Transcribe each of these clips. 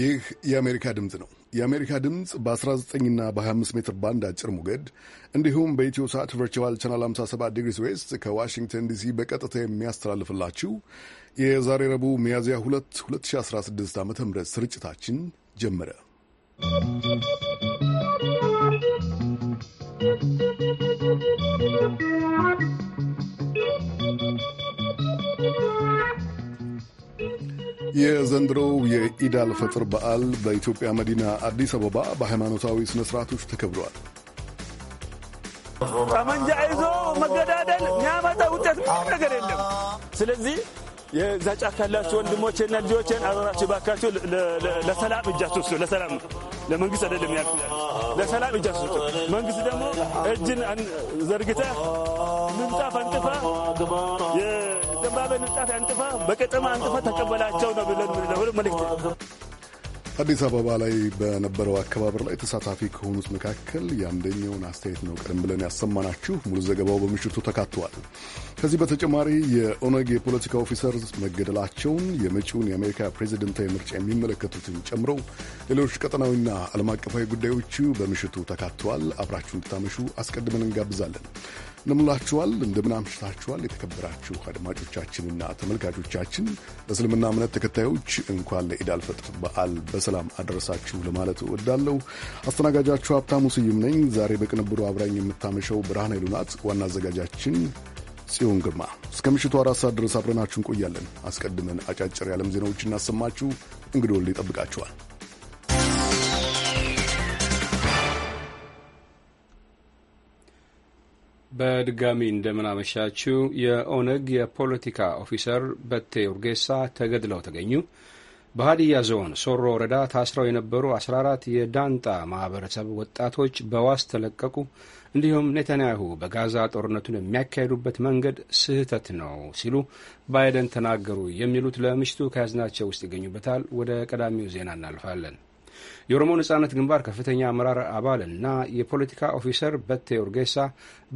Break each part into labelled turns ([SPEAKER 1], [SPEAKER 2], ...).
[SPEAKER 1] ይህ የአሜሪካ ድምፅ ነው። የአሜሪካ ድምፅ በ19ና በ25 ሜትር ባንድ አጭር ሞገድ እንዲሁም በኢትዮ ሰዓት ቨርቹዋል ቻናል 57 ዲግሪስ ዌስት ከዋሽንግተን ዲሲ በቀጥታ የሚያስተላልፍላችሁ የዛሬ ረቡዕ ሚያዝያ 2 2016 ዓ ም ስርጭታችን ጀመረ። የዘንድሮው የኢዳል ፈጥር በዓል በኢትዮጵያ መዲና አዲስ አበባ በሃይማኖታዊ ስነ ስርዓቶች ተከብሯል።
[SPEAKER 2] ጠመንጃ ይዞ መገዳደል የሚያመጣ ውጤት ነገር የለም።
[SPEAKER 3] ስለዚህ የዛ ጫፍ ያላችሁ ወንድሞቼና ልጆቼን አደራችሁ ባካችሁ ለሰላም እጃችሁ ስጡ። ለሰላም ለመንግስት አይደለም ያ ለሰላም እጃችሁ ስጡ። መንግስት ደግሞ እጅን ዘርግተ ምንጣፍ አንጥፋ፣ የዘንባባ ምንጣፍ አንጥፋ፣ በቀጠማ አንጥፋ ተቀበላቸው ነው ብለን መልክት
[SPEAKER 1] አዲስ አበባ ላይ በነበረው አከባበር ላይ ተሳታፊ ከሆኑት መካከል የአንደኛውን አስተያየት ነው ቀደም ብለን ያሰማናችሁ። ሙሉ ዘገባው በምሽቱ ተካቷል። ከዚህ በተጨማሪ የኦነግ የፖለቲካ ኦፊሰር መገደላቸውን፣ የመጪውን የአሜሪካ ፕሬዚደንታዊ ምርጫ የሚመለከቱትን ጨምሮ ሌሎች ቀጠናዊና ዓለም አቀፋዊ ጉዳዮቹ በምሽቱ ተካተዋል። አብራችሁ እንድታመሹ አስቀድመን እንጋብዛለን። እንደምንላችኋል፣ እንደምናምሽታችኋል የተከበራችሁ አድማጮቻችንና ተመልካቾቻችን በእስልምና እምነት ተከታዮች እንኳን ለኢድ አልፈጥ በዓል በሰላም አደረሳችሁ ለማለት እወዳለሁ። አስተናጋጃችሁ ሀብታሙ ስዩም ነኝ። ዛሬ በቅንብሩ አብራኝ የምታመሸው ብርሃን ይሉናት ዋና አዘጋጃችን ጽዮን ግርማ። እስከ ምሽቱ አራት ሰዓት ድረስ አብረናችሁ እንቆያለን። አስቀድመን አጫጭር የዓለም ዜናዎች እናሰማችሁ። እንግዲህ ወልድ ይጠብቃችኋል።
[SPEAKER 4] በድጋሚ እንደምናመሻችው የኦነግ የፖለቲካ ኦፊሰር በቴ ኡርጌሳ ተገድለው ተገኙ። በሀዲያ ዞን ሶሮ ወረዳ ታስረው የነበሩ 14 የዳንጣ ማህበረሰብ ወጣቶች በዋስ ተለቀቁ። እንዲሁም ኔታንያሁ በጋዛ ጦርነቱን የሚያካሂዱበት መንገድ ስህተት ነው ሲሉ ባይደን ተናገሩ። የሚሉት ለምሽቱ ከያዝናቸው ውስጥ ይገኙበታል። ወደ ቀዳሚው ዜና እናልፋለን። የኦሮሞ ነጻነት ግንባር ከፍተኛ አመራር አባል እና የፖለቲካ ኦፊሰር በቴ ኦርጌሳ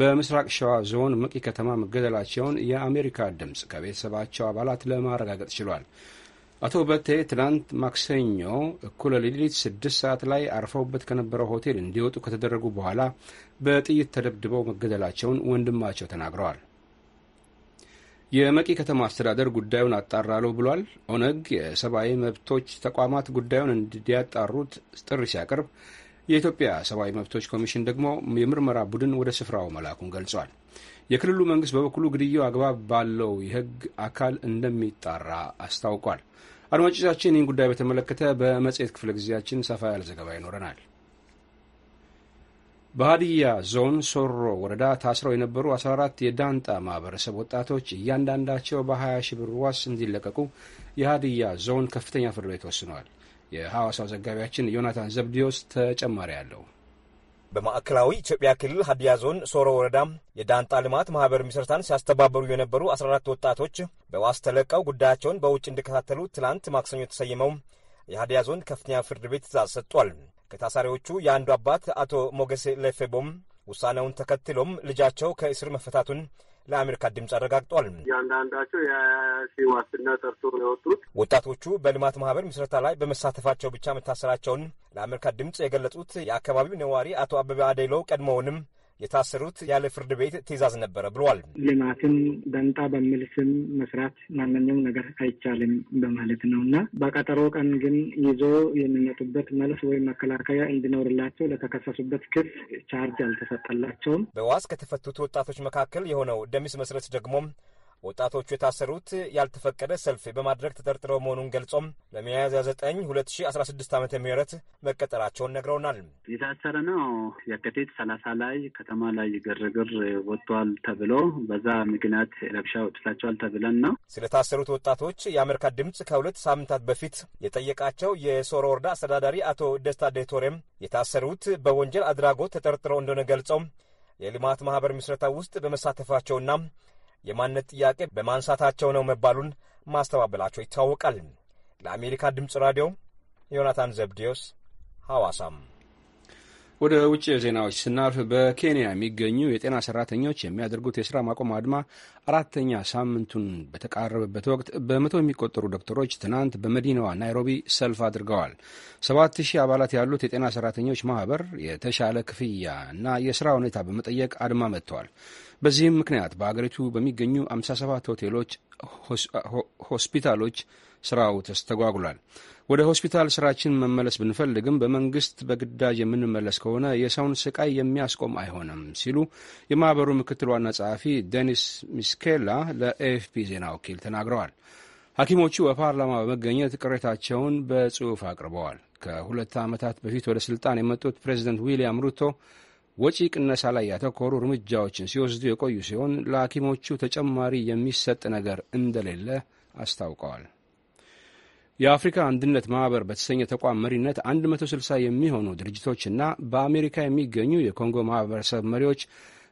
[SPEAKER 4] በምስራቅ ሸዋ ዞን መቂ ከተማ መገደላቸውን የአሜሪካ ድምፅ ከቤተሰባቸው አባላት ለማረጋገጥ ችሏል። አቶ በቴ ትናንት ማክሰኞ እኩለ ሌሊት ስድስት ሰዓት ላይ አርፈውበት ከነበረው ሆቴል እንዲወጡ ከተደረጉ በኋላ በጥይት ተደብድበው መገደላቸውን ወንድማቸው ተናግረዋል። የመቂ ከተማ አስተዳደር ጉዳዩን አጣራለሁ ብሏል። ኦነግ የሰብአዊ መብቶች ተቋማት ጉዳዩን እንዲያጣሩት ጥሪ ሲያቀርብ የኢትዮጵያ ሰብአዊ መብቶች ኮሚሽን ደግሞ የምርመራ ቡድን ወደ ስፍራው መላኩን ገልጿል። የክልሉ መንግስት በበኩሉ ግድያው አግባብ ባለው የህግ አካል እንደሚጣራ አስታውቋል። አድማጮቻችን፣ ይህን ጉዳይ በተመለከተ በመጽሔት ክፍለ ጊዜያችን ሰፋ ያለ ዘገባ ይኖረናል። በሀዲያ ዞን ሶሮ ወረዳ ታስረው የነበሩ 14 የዳንጣ ማህበረሰብ ወጣቶች እያንዳንዳቸው በ20 ብር ዋስ እንዲለቀቁ የሀዲያ ዞን ከፍተኛ ፍርድ ቤት ወስነዋል። የሐዋሳው ዘጋቢያችን ዮናታን ዘብዲዮስ ተጨማሪ አለው። በማዕከላዊ ኢትዮጵያ ክልል
[SPEAKER 5] ሀዲያ ዞን ሶሮ ወረዳ የዳንጣ ልማት ማህበር ምስረታን ሲያስተባበሩ የነበሩ 14 ወጣቶች በዋስ ተለቀው ጉዳያቸውን በውጭ እንዲከታተሉ ትላንት ማክሰኞ የተሰየመው የሀዲያ ዞን ከፍተኛ ፍርድ ቤት ትእዛዝ ሰጥቷል። ከታሳሪዎቹ የአንዱ አባት አቶ ሞገሴ ለፌቦም ውሳኔውን ተከትሎም ልጃቸው ከእስር መፈታቱን ለአሜሪካ ድምፅ አረጋግጧል። እያንዳንዳቸው የሲ ዋስትና ጠርቶ ነው የወጡት። ወጣቶቹ በልማት ማህበር ምስረታ ላይ በመሳተፋቸው ብቻ መታሰራቸውን ለአሜሪካ ድምፅ የገለጹት የአካባቢው ነዋሪ አቶ አበበ አዴሎ ቀድሞውንም የታሰሩት ያለ ፍርድ ቤት ትዕዛዝ ነበረ ብሏል።
[SPEAKER 6] ልማትን ደንጣ በሚል ስም
[SPEAKER 7] መስራት ማንኛውም ነገር አይቻልም በማለት ነው እና በቀጠሮ ቀን ግን ይዞ የሚመጡበት መልስ ወይም መከላከያ እንዲኖርላቸው ለተከሰሱበት ክፍ ቻርጅ አልተሰጠላቸውም።
[SPEAKER 5] በዋስ ከተፈቱት ወጣቶች መካከል የሆነው ደሚስ መስረት ደግሞም ወጣቶቹ የታሰሩት ያልተፈቀደ ሰልፍ በማድረግ ተጠርጥረው መሆኑን ገልጾም ለሚያዝያ 9 2016 ዓ ም መቀጠራቸውን ነግረውናል።
[SPEAKER 7] የታሰረ ነው የካቲት ሰላሳ ላይ
[SPEAKER 5] ከተማ ላይ ግርግር ወጥቷል ተብሎ በዛ ምክንያት ረብሻ ወጥታቸዋል ተብለን ነው። ስለታሰሩት ወጣቶች የአሜሪካ ድምፅ ከሁለት ሳምንታት በፊት የጠየቃቸው የሶሮ ወረዳ አስተዳዳሪ አቶ ደስታ ዴቶሬም የታሰሩት በወንጀል አድራጎት ተጠርጥረው እንደሆነ ገልጸው የልማት ማህበር ምስረታ ውስጥ በመሳተፋቸውና የማንነት ጥያቄ በማንሳታቸው ነው መባሉን ማስተባበላቸው ይታወቃል። ለአሜሪካ ድምፅ ራዲዮ ዮናታን ዘብዴዎስ ሐዋሳም።
[SPEAKER 4] ወደ ውጭ ዜናዎች ስናልፍ በኬንያ የሚገኙ የጤና ሰራተኞች የሚያደርጉት የሥራ ማቆም አድማ አራተኛ ሳምንቱን በተቃረበበት ወቅት በመቶ የሚቆጠሩ ዶክተሮች ትናንት በመዲናዋ ናይሮቢ ሰልፍ አድርገዋል። ሰባት ሺህ አባላት ያሉት የጤና ሰራተኞች ማኅበር የተሻለ ክፍያ እና የሥራ ሁኔታ በመጠየቅ አድማ መጥተዋል። በዚህም ምክንያት በአገሪቱ በሚገኙ 57 ሆቴሎች፣ ሆስፒታሎች ስራው ተስተጓጉሏል። ወደ ሆስፒታል ስራችን መመለስ ብንፈልግም በመንግስት በግዳጅ የምንመለስ ከሆነ የሰውን ስቃይ የሚያስቆም አይሆንም ሲሉ የማኅበሩ ምክትል ዋና ጸሐፊ ዴኒስ ሚስኬላ ለኤኤፍፒ ዜና ወኪል ተናግረዋል። ሐኪሞቹ በፓርላማ በመገኘት ቅሬታቸውን በጽሑፍ አቅርበዋል። ከሁለት ዓመታት በፊት ወደ ሥልጣን የመጡት ፕሬዚደንት ዊልያም ሩቶ ወጪ ቅነሳ ላይ ያተኮሩ እርምጃዎችን ሲወስዱ የቆዩ ሲሆን ለሐኪሞቹ ተጨማሪ የሚሰጥ ነገር እንደሌለ አስታውቀዋል። የአፍሪካ አንድነት ማኅበር በተሰኘ ተቋም መሪነት 160 የሚሆኑ ድርጅቶችና በአሜሪካ የሚገኙ የኮንጎ ማኅበረሰብ መሪዎች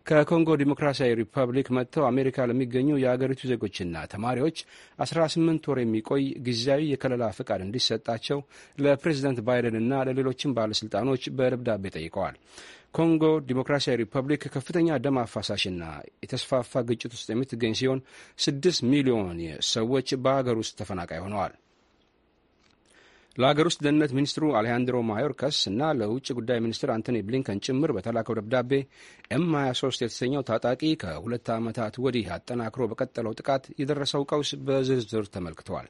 [SPEAKER 4] ከኮንጎ ዲሞክራሲያዊ ሪፐብሊክ መጥተው አሜሪካ ለሚገኙ የአገሪቱ ዜጎችና ተማሪዎች 18 ወር የሚቆይ ጊዜያዊ የከለላ ፍቃድ እንዲሰጣቸው ለፕሬዚዳንት ባይደንና ለሌሎችም ባለሥልጣኖች በደብዳቤ ጠይቀዋል። ኮንጎ ዲሞክራሲያዊ ሪፐብሊክ ከፍተኛ ደም አፋሳሽና የተስፋፋ ግጭት ውስጥ የምትገኝ ሲሆን ስድስት ሚሊዮን ሰዎች በአገር ውስጥ ተፈናቃይ ሆነዋል። ለሀገር ውስጥ ደህንነት ሚኒስትሩ አሌሃንድሮ ማዮርከስ እና ለውጭ ጉዳይ ሚኒስትር አንቶኒ ብሊንከን ጭምር በተላከው ደብዳቤ ኤም 23 የተሰኘው ታጣቂ ከሁለት ዓመታት ወዲህ አጠናክሮ በቀጠለው ጥቃት የደረሰው ቀውስ በዝርዝር ተመልክተዋል።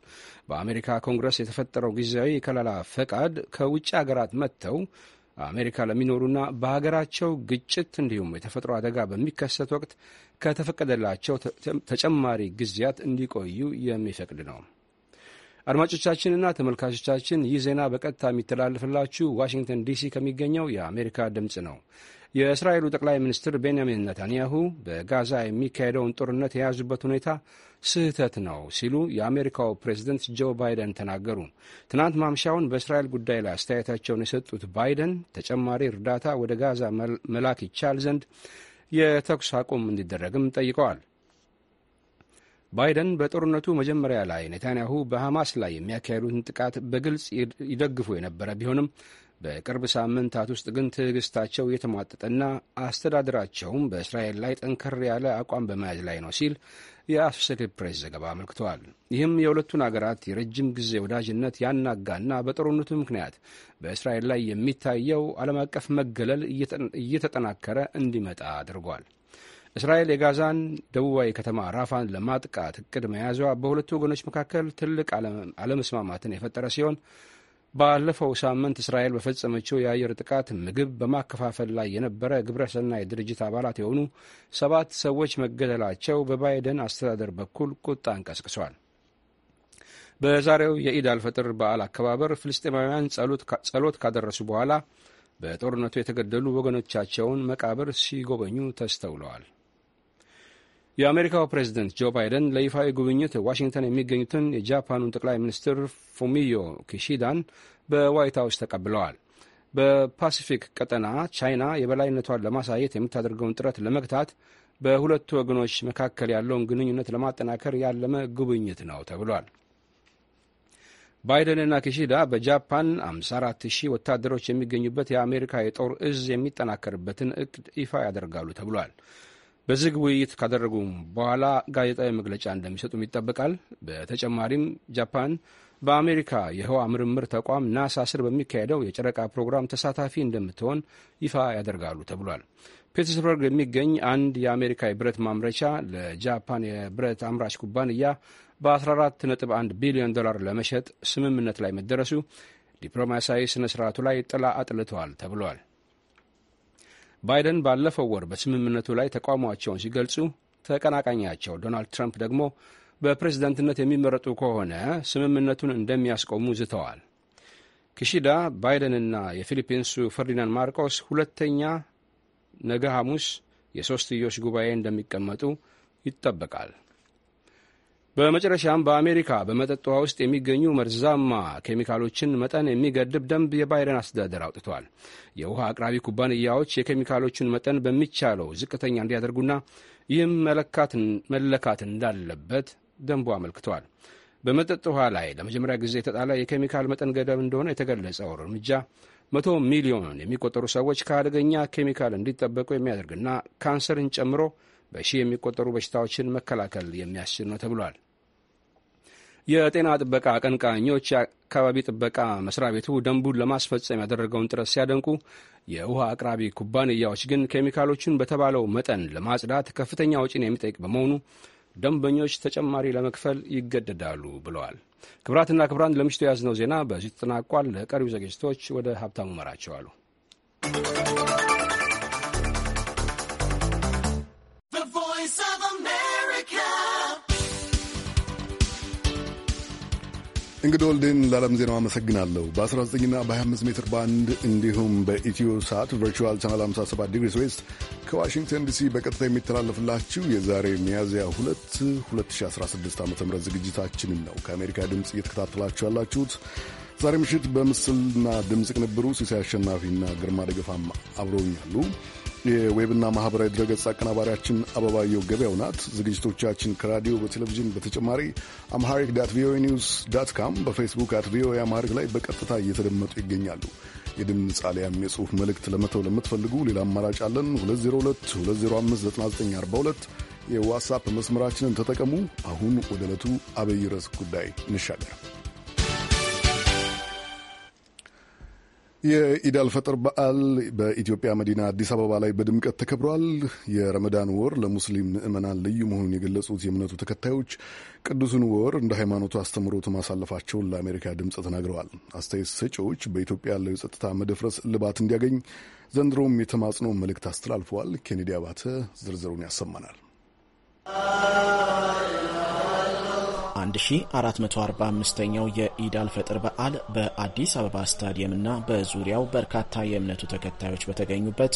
[SPEAKER 4] በአሜሪካ ኮንግረስ የተፈጠረው ጊዜያዊ የከለላ ፈቃድ ከውጭ ሀገራት መጥተው አሜሪካ ለሚኖሩና በሀገራቸው ግጭት እንዲሁም የተፈጥሮ አደጋ በሚከሰት ወቅት ከተፈቀደላቸው ተጨማሪ ጊዜያት እንዲቆዩ የሚፈቅድ ነው። አድማጮቻችንና ተመልካቾቻችን ይህ ዜና በቀጥታ የሚተላለፍላችሁ ዋሽንግተን ዲሲ ከሚገኘው የአሜሪካ ድምፅ ነው። የእስራኤሉ ጠቅላይ ሚኒስትር ቤንያሚን ነታንያሁ በጋዛ የሚካሄደውን ጦርነት የያዙበት ሁኔታ ስህተት ነው ሲሉ የአሜሪካው ፕሬዝደንት ጆ ባይደን ተናገሩ። ትናንት ማምሻውን በእስራኤል ጉዳይ ላይ አስተያየታቸውን የሰጡት ባይደን ተጨማሪ እርዳታ ወደ ጋዛ መላክ ይቻል ዘንድ የተኩስ አቁም እንዲደረግም ጠይቀዋል። ባይደን በጦርነቱ መጀመሪያ ላይ ኔታንያሁ በሐማስ ላይ የሚያካሄዱትን ጥቃት በግልጽ ይደግፉ የነበረ ቢሆንም በቅርብ ሳምንታት ውስጥ ግን ትዕግስታቸው እየተሟጠጠና አስተዳደራቸውም በእስራኤል ላይ ጠንከር ያለ አቋም በመያዝ ላይ ነው ሲል የአሶሴትድ ፕሬስ ዘገባ አመልክተዋል። ይህም የሁለቱን አገራት የረጅም ጊዜ ወዳጅነት ያናጋና በጦርነቱ ምክንያት በእስራኤል ላይ የሚታየው ዓለም አቀፍ መገለል እየተጠናከረ እንዲመጣ አድርጓል። እስራኤል የጋዛን ደቡባዊ ከተማ ራፋን ለማጥቃት እቅድ መያዟ በሁለቱ ወገኖች መካከል ትልቅ አለመስማማትን የፈጠረ ሲሆን ባለፈው ሳምንት እስራኤል በፈጸመችው የአየር ጥቃት ምግብ በማከፋፈል ላይ የነበረ ግብረሰናይ ድርጅት አባላት የሆኑ ሰባት ሰዎች መገደላቸው በባይደን አስተዳደር በኩል ቁጣን እንቀስቅሷል። በዛሬው የኢድ አልፈጥር በዓል አከባበር ፍልስጤማውያን ጸሎት ካደረሱ በኋላ በጦርነቱ የተገደሉ ወገኖቻቸውን መቃብር ሲጎበኙ ተስተውለዋል። የአሜሪካው ፕሬዚደንት ጆ ባይደን ለይፋዊ ጉብኝት ዋሽንግተን የሚገኙትን የጃፓኑን ጠቅላይ ሚኒስትር ፉሚዮ ኪሺዳን በዋይት ሀውስ ተቀብለዋል። በፓሲፊክ ቀጠና ቻይና የበላይነቷን ለማሳየት የምታደርገውን ጥረት ለመግታት በሁለቱ ወገኖች መካከል ያለውን ግንኙነት ለማጠናከር ያለመ ጉብኝት ነው ተብሏል። ባይደንና ኪሺዳ በጃፓን 54000 ወታደሮች የሚገኙበት የአሜሪካ የጦር እዝ የሚጠናከርበትን እቅድ ይፋ ያደርጋሉ ተብሏል። በዝግ ውይይት ካደረጉ በኋላ ጋዜጣዊ መግለጫ እንደሚሰጡም ይጠበቃል። በተጨማሪም ጃፓን በአሜሪካ የህዋ ምርምር ተቋም ናሳ ስር በሚካሄደው የጨረቃ ፕሮግራም ተሳታፊ እንደምትሆን ይፋ ያደርጋሉ ተብሏል። ፒተርስበርግ የሚገኝ አንድ የአሜሪካ የብረት ማምረቻ ለጃፓን የብረት አምራች ኩባንያ በ14.1 ቢሊዮን ዶላር ለመሸጥ ስምምነት ላይ መደረሱ ዲፕሎማሲያዊ ስነ ስርዓቱ ላይ ጥላ አጥልተዋል ተብሏል። ባይደን ባለፈው ወር በስምምነቱ ላይ ተቃውሟቸውን ሲገልጹ፣ ተቀናቃኛቸው ዶናልድ ትራምፕ ደግሞ በፕሬዝደንትነት የሚመረጡ ከሆነ ስምምነቱን እንደሚያስቆሙ ዝተዋል። ኪሺዳ ባይደንና የፊሊፒንሱ ፈርዲናንድ ማርቆስ ሁለተኛ ነገ ሐሙስ የሦስትዮሽ ጉባኤ እንደሚቀመጡ ይጠበቃል። በመጨረሻም በአሜሪካ በመጠጥ ውሃ ውስጥ የሚገኙ መርዛማ ኬሚካሎችን መጠን የሚገድብ ደንብ የባይደን አስተዳደር አውጥቷል። የውሃ አቅራቢ ኩባንያዎች የኬሚካሎቹን መጠን በሚቻለው ዝቅተኛ እንዲያደርጉና ይህም መለካት እንዳለበት ደንቡ አመልክቷል። በመጠጥ ውሃ ላይ ለመጀመሪያ ጊዜ የተጣለ የኬሚካል መጠን ገደብ እንደሆነ የተገለጸው እርምጃ መቶ ሚሊዮን የሚቆጠሩ ሰዎች ከአደገኛ ኬሚካል እንዲጠበቁ የሚያደርግና ካንሰርን ጨምሮ በሺህ የሚቆጠሩ በሽታዎችን መከላከል የሚያስችል ነው ተብሏል። የጤና ጥበቃ አቀንቃኞች የአካባቢ ጥበቃ መስሪያ ቤቱ ደንቡን ለማስፈጸም ያደረገውን ጥረት ሲያደንቁ፣ የውሃ አቅራቢ ኩባንያዎች ግን ኬሚካሎቹን በተባለው መጠን ለማጽዳት ከፍተኛ ወጪን የሚጠይቅ በመሆኑ ደንበኞች ተጨማሪ ለመክፈል ይገደዳሉ ብለዋል። ክብራትና ክብራን ለምሽቱ የያዝነው ዜና በዚሁ ተጠናቋል። ለቀሪው ዝግጅቶች ወደ ሀብታሙ መራቸዋሉ።
[SPEAKER 1] እንግዲህ ወልዴን ለዓለም ዜናው አመሰግናለሁ። በ19ና በ25 ሜትር ባንድ እንዲሁም በኢትዮ ሰዓት ቨርቹዋል ቻናል 57 ዲግሪስ ዌስት ከዋሽንግተን ዲሲ በቀጥታ የሚተላለፍላችሁ የዛሬ ሚያዝያ 2 2016 ዓ ም ዝግጅታችንን ነው ከአሜሪካ ድምፅ እየተከታተላችሁ ያላችሁት። ዛሬ ምሽት በምስልና ድምፅ ቅንብሩ ሲሳይ አሸናፊና ግርማ ደገፋም አብረውኛሉ። የዌብና ማህበራዊ ድረገጽ አቀናባሪያችን አበባየው ገበያው ናት። ዝግጅቶቻችን ከራዲዮ በቴሌቪዥን በተጨማሪ አምሃሪክ ዳት ቪኦኤ ኒውስ ዳት ካም በፌስቡክ አት ቪኦኤ አምሃሪክ ላይ በቀጥታ እየተደመጡ ይገኛሉ። የድምፅ አሊያም የጽሁፍ መልእክት ለመተው ለምትፈልጉ ሌላ አማራጭ አለን። 2022059942 የዋትሳፕ መስመራችንን ተጠቀሙ። አሁን ወደ ዕለቱ አበይ ርዕስ ጉዳይ እንሻገር። የኢዳል ፈጥር በዓል በኢትዮጵያ መዲና አዲስ አበባ ላይ በድምቀት ተከብሯል። የረመዳን ወር ለሙስሊም ምዕመናን ልዩ መሆኑን የገለጹት የእምነቱ ተከታዮች ቅዱስን ወር እንደ ሃይማኖቱ አስተምሮት ማሳለፋቸውን ለአሜሪካ ድምፅ ተናግረዋል። አስተያየት ሰጪዎች በኢትዮጵያ ያለው የጸጥታ መደፍረስ እልባት እንዲያገኝ ዘንድሮም የተማጽኖ መልእክት አስተላልፈዋል። ኬኔዲ አባተ ዝርዝሩን ያሰማናል።
[SPEAKER 8] 1445ኛው የኢዳል ፈጥር በዓል በአዲስ አበባ ስታዲየምና በዙሪያው በርካታ የእምነቱ ተከታዮች በተገኙበት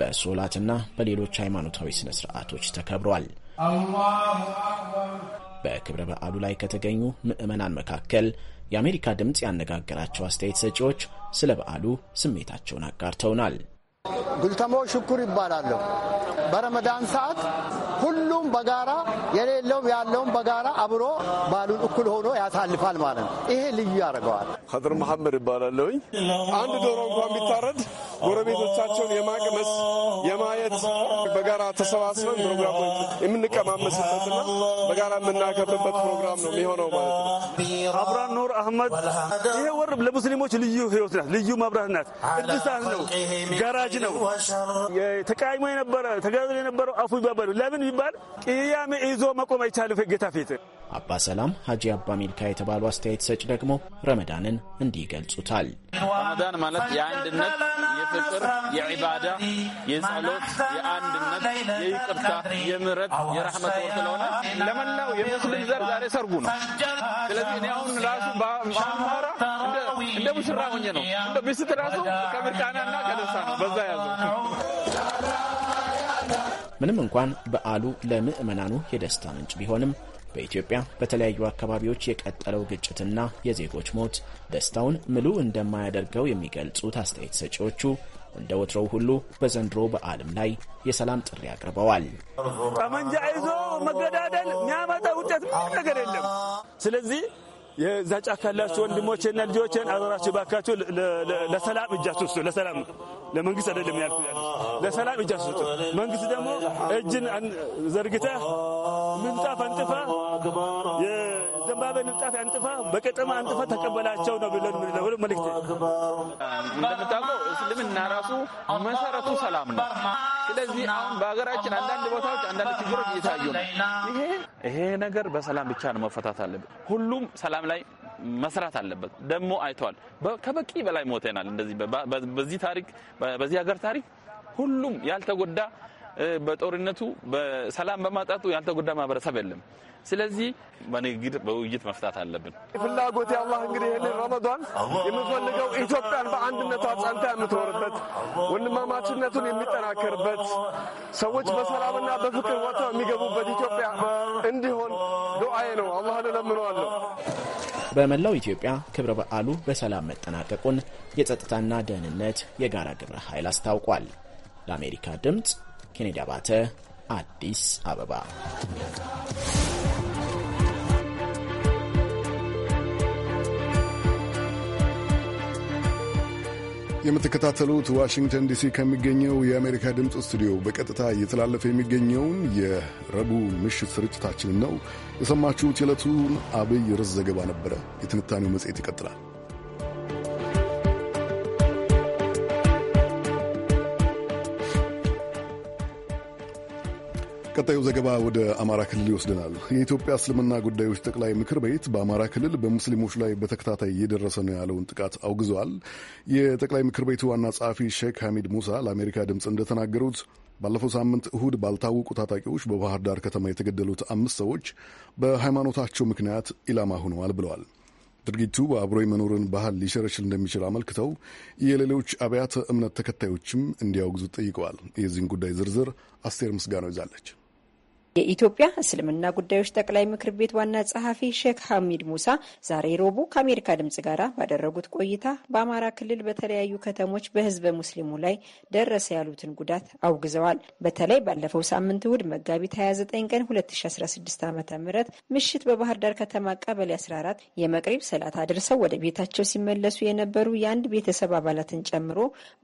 [SPEAKER 8] በሶላትና በሌሎች ሃይማኖታዊ ስነ ስርዓቶች ተከብሯል። በክብረ በዓሉ ላይ ከተገኙ ምዕመናን መካከል የአሜሪካ ድምፅ ያነጋገራቸው አስተያየት ሰጪዎች ስለ በዓሉ ስሜታቸውን አጋርተውናል። ጉልተሞ ሽኩር ይባላለሁ። በረመዳን ሰዓት ሁሉም በጋራ የሌለውም ያለውም በጋራ አብሮ
[SPEAKER 6] ባሉን እኩል ሆኖ ያሳልፋል ማለት ነው። ይሄ ልዩ ያደርገዋል።
[SPEAKER 3] ከድር መሐመድ ይባላለሁኝ። አንድ ዶሮ እንኳን ቢታረድ ጎረቤቶቻቸውን የማቅመስ የማየት በጋራ ተሰባስበን ፕሮግራም የምንቀማመስበትና በጋራ የምናከብርበት ፕሮግራም ነው የሚሆነው ማለት ነው። አብራን ኑር አህመድ ይሄ ወር ለሙስሊሞች ልዩ ህይወት ናት፣ ልዩ መብራት ናት፣ እድሳት ነው ጋራጅ ነው ተቃይሞ የነበረ ተጋዝሎ የነበረው አፉ ይባበሉ። ለምን ቢባል ቅያሜ ይዞ መቆም አይቻልም። ጌታ ታፌት
[SPEAKER 8] አባ ሰላም ሀጂ አባ ሚልካ የተባሉ አስተያየት ሰጭ ደግሞ ረመዳንን እንዲህ ይገልጹታል።
[SPEAKER 3] ረመዳን ማለት የአንድነት፣ የፍቅር፣ የዒባዳ፣ የጸሎት፣ የአንድነት፣ የይቅርታ፣ የምረት የራህመት ወር ስለሆነ ለመላው የሙስሊም ዘር ዛሬ ሰርጉ ነው። ስለዚህ እኔ አሁን ራሱ ማራ እንደ ሙሽራ ሆኜ ነው ብስት ራሱ ና ከደሳ ነው በዛ ያዘ
[SPEAKER 8] ምንም እንኳን በዓሉ ለምዕመናኑ የደስታ ምንጭ ቢሆንም በኢትዮጵያ በተለያዩ አካባቢዎች የቀጠለው ግጭትና የዜጎች ሞት ደስታውን ምሉ እንደማያደርገው የሚገልጹት አስተያየት ሰጪዎቹ እንደ ወትሮው ሁሉ በዘንድሮ በዓልም ላይ የሰላም ጥሪ አቅርበዋል።
[SPEAKER 3] ጠመንጃ ይዞ መገዳደል የሚያመጣ ውጤት ምንም ነገር የለም። ስለዚህ የዛ ጫካ ያላችሁ ወንድሞቼና ልጆቼን አዞራችሁ ባካችሁ ለሰላም እጃችሁ ስጡ። ለሰላም ለመንግስት አይደለም ያልኩ ለሰላም እጃችሁ ስጡ። መንግስት ደግሞ እጅን ዘርግተህ ምንጣፍ አንጥፋ ከባበ ምጣት አንጥፋ በቀጠማ አንጥፋ ተቀበላቸው ነው ብለን መልእክት። እንደምታውቀው እስልምና ራሱ መሰረቱ ሰላም ነው። ስለዚህ አሁን በሀገራችን አንዳንድ ቦታዎች አንዳንድ ችግሮች እየታዩ ነው። ይሄ ነገር በሰላም ብቻ ነው መፈታት አለበት። ሁሉም ሰላም ላይ መስራት አለበት። ደግሞ አይተዋል። ከበቂ በላይ ሞተናል። እንደዚህ በዚህ ታሪክ በዚህ ሀገር ታሪክ ሁሉም ያልተጎዳ በጦርነቱ በሰላም በማጣቱ ያልተጎዳ ማህበረሰብ የለም። ስለዚህ በንግግር በውይይት መፍታት አለብን። ፍላጎት የአላህ እንግዲህ ይህንን ረመዷን የምፈልገው ኢትዮጵያን በአንድነቷ ጸንታ የምትኖርበት ወንድማማችነቱን የሚጠናከርበት ሰዎች በሰላምና በፍቅር ወጥተው የሚገቡበት ኢትዮጵያ እንዲሆን ዱዓዬ ነው። አላህን እለምነዋለሁ።
[SPEAKER 8] በመላው ኢትዮጵያ ክብረ በዓሉ በሰላም መጠናቀቁን የጸጥታና ደህንነት የጋራ ግብረ ኃይል አስታውቋል። ለአሜሪካ ድምፅ ኬኔዲ አባተ አዲስ አበባ።
[SPEAKER 1] የምትከታተሉት ዋሽንግተን ዲሲ ከሚገኘው የአሜሪካ ድምፅ ስቱዲዮ በቀጥታ እየተላለፈ የሚገኘውን የረቡዕ ምሽት ስርጭታችንን ነው የሰማችሁት። የዕለቱን አብይ ርዕስ ዘገባ ነበረ። የትንታኔው መጽሔት ይቀጥላል። ቀጣዩ ዘገባ ወደ አማራ ክልል ይወስደናል። የኢትዮጵያ እስልምና ጉዳዮች ጠቅላይ ምክር ቤት በአማራ ክልል በሙስሊሞች ላይ በተከታታይ እየደረሰ ነው ያለውን ጥቃት አውግዘዋል። የጠቅላይ ምክር ቤቱ ዋና ጸሐፊ ሼክ ሐሚድ ሙሳ ለአሜሪካ ድምፅ እንደተናገሩት ባለፈው ሳምንት እሁድ ባልታወቁ ታጣቂዎች በባህር ዳር ከተማ የተገደሉት አምስት ሰዎች በሃይማኖታቸው ምክንያት ኢላማ ሆነዋል ብለዋል። ድርጊቱ በአብሮ የመኖርን ባህል ሊሸረሽል እንደሚችል አመልክተው የሌሎች አብያተ እምነት ተከታዮችም እንዲያወግዙ ጠይቀዋል። የዚህን ጉዳይ ዝርዝር አስቴር ምስጋናው ይዛለች።
[SPEAKER 2] የኢትዮጵያ እስልምና ጉዳዮች ጠቅላይ ምክር ቤት ዋና ጸሐፊ ሼክ ሐሚድ ሙሳ ዛሬ ሮቡ ከአሜሪካ ድምጽ ጋር ባደረጉት ቆይታ በአማራ ክልል በተለያዩ ከተሞች በህዝበ ሙስሊሙ ላይ ደረሰ ያሉትን ጉዳት አውግዘዋል። በተለይ ባለፈው ሳምንት እሁድ መጋቢት 29 ቀን 2016 ዓ ም ምሽት በባህር ዳር ከተማ ቀበሌ 14 የመቅሪብ ሰላት አድርሰው ወደ ቤታቸው ሲመለሱ የነበሩ የአንድ ቤተሰብ አባላትን ጨምሮ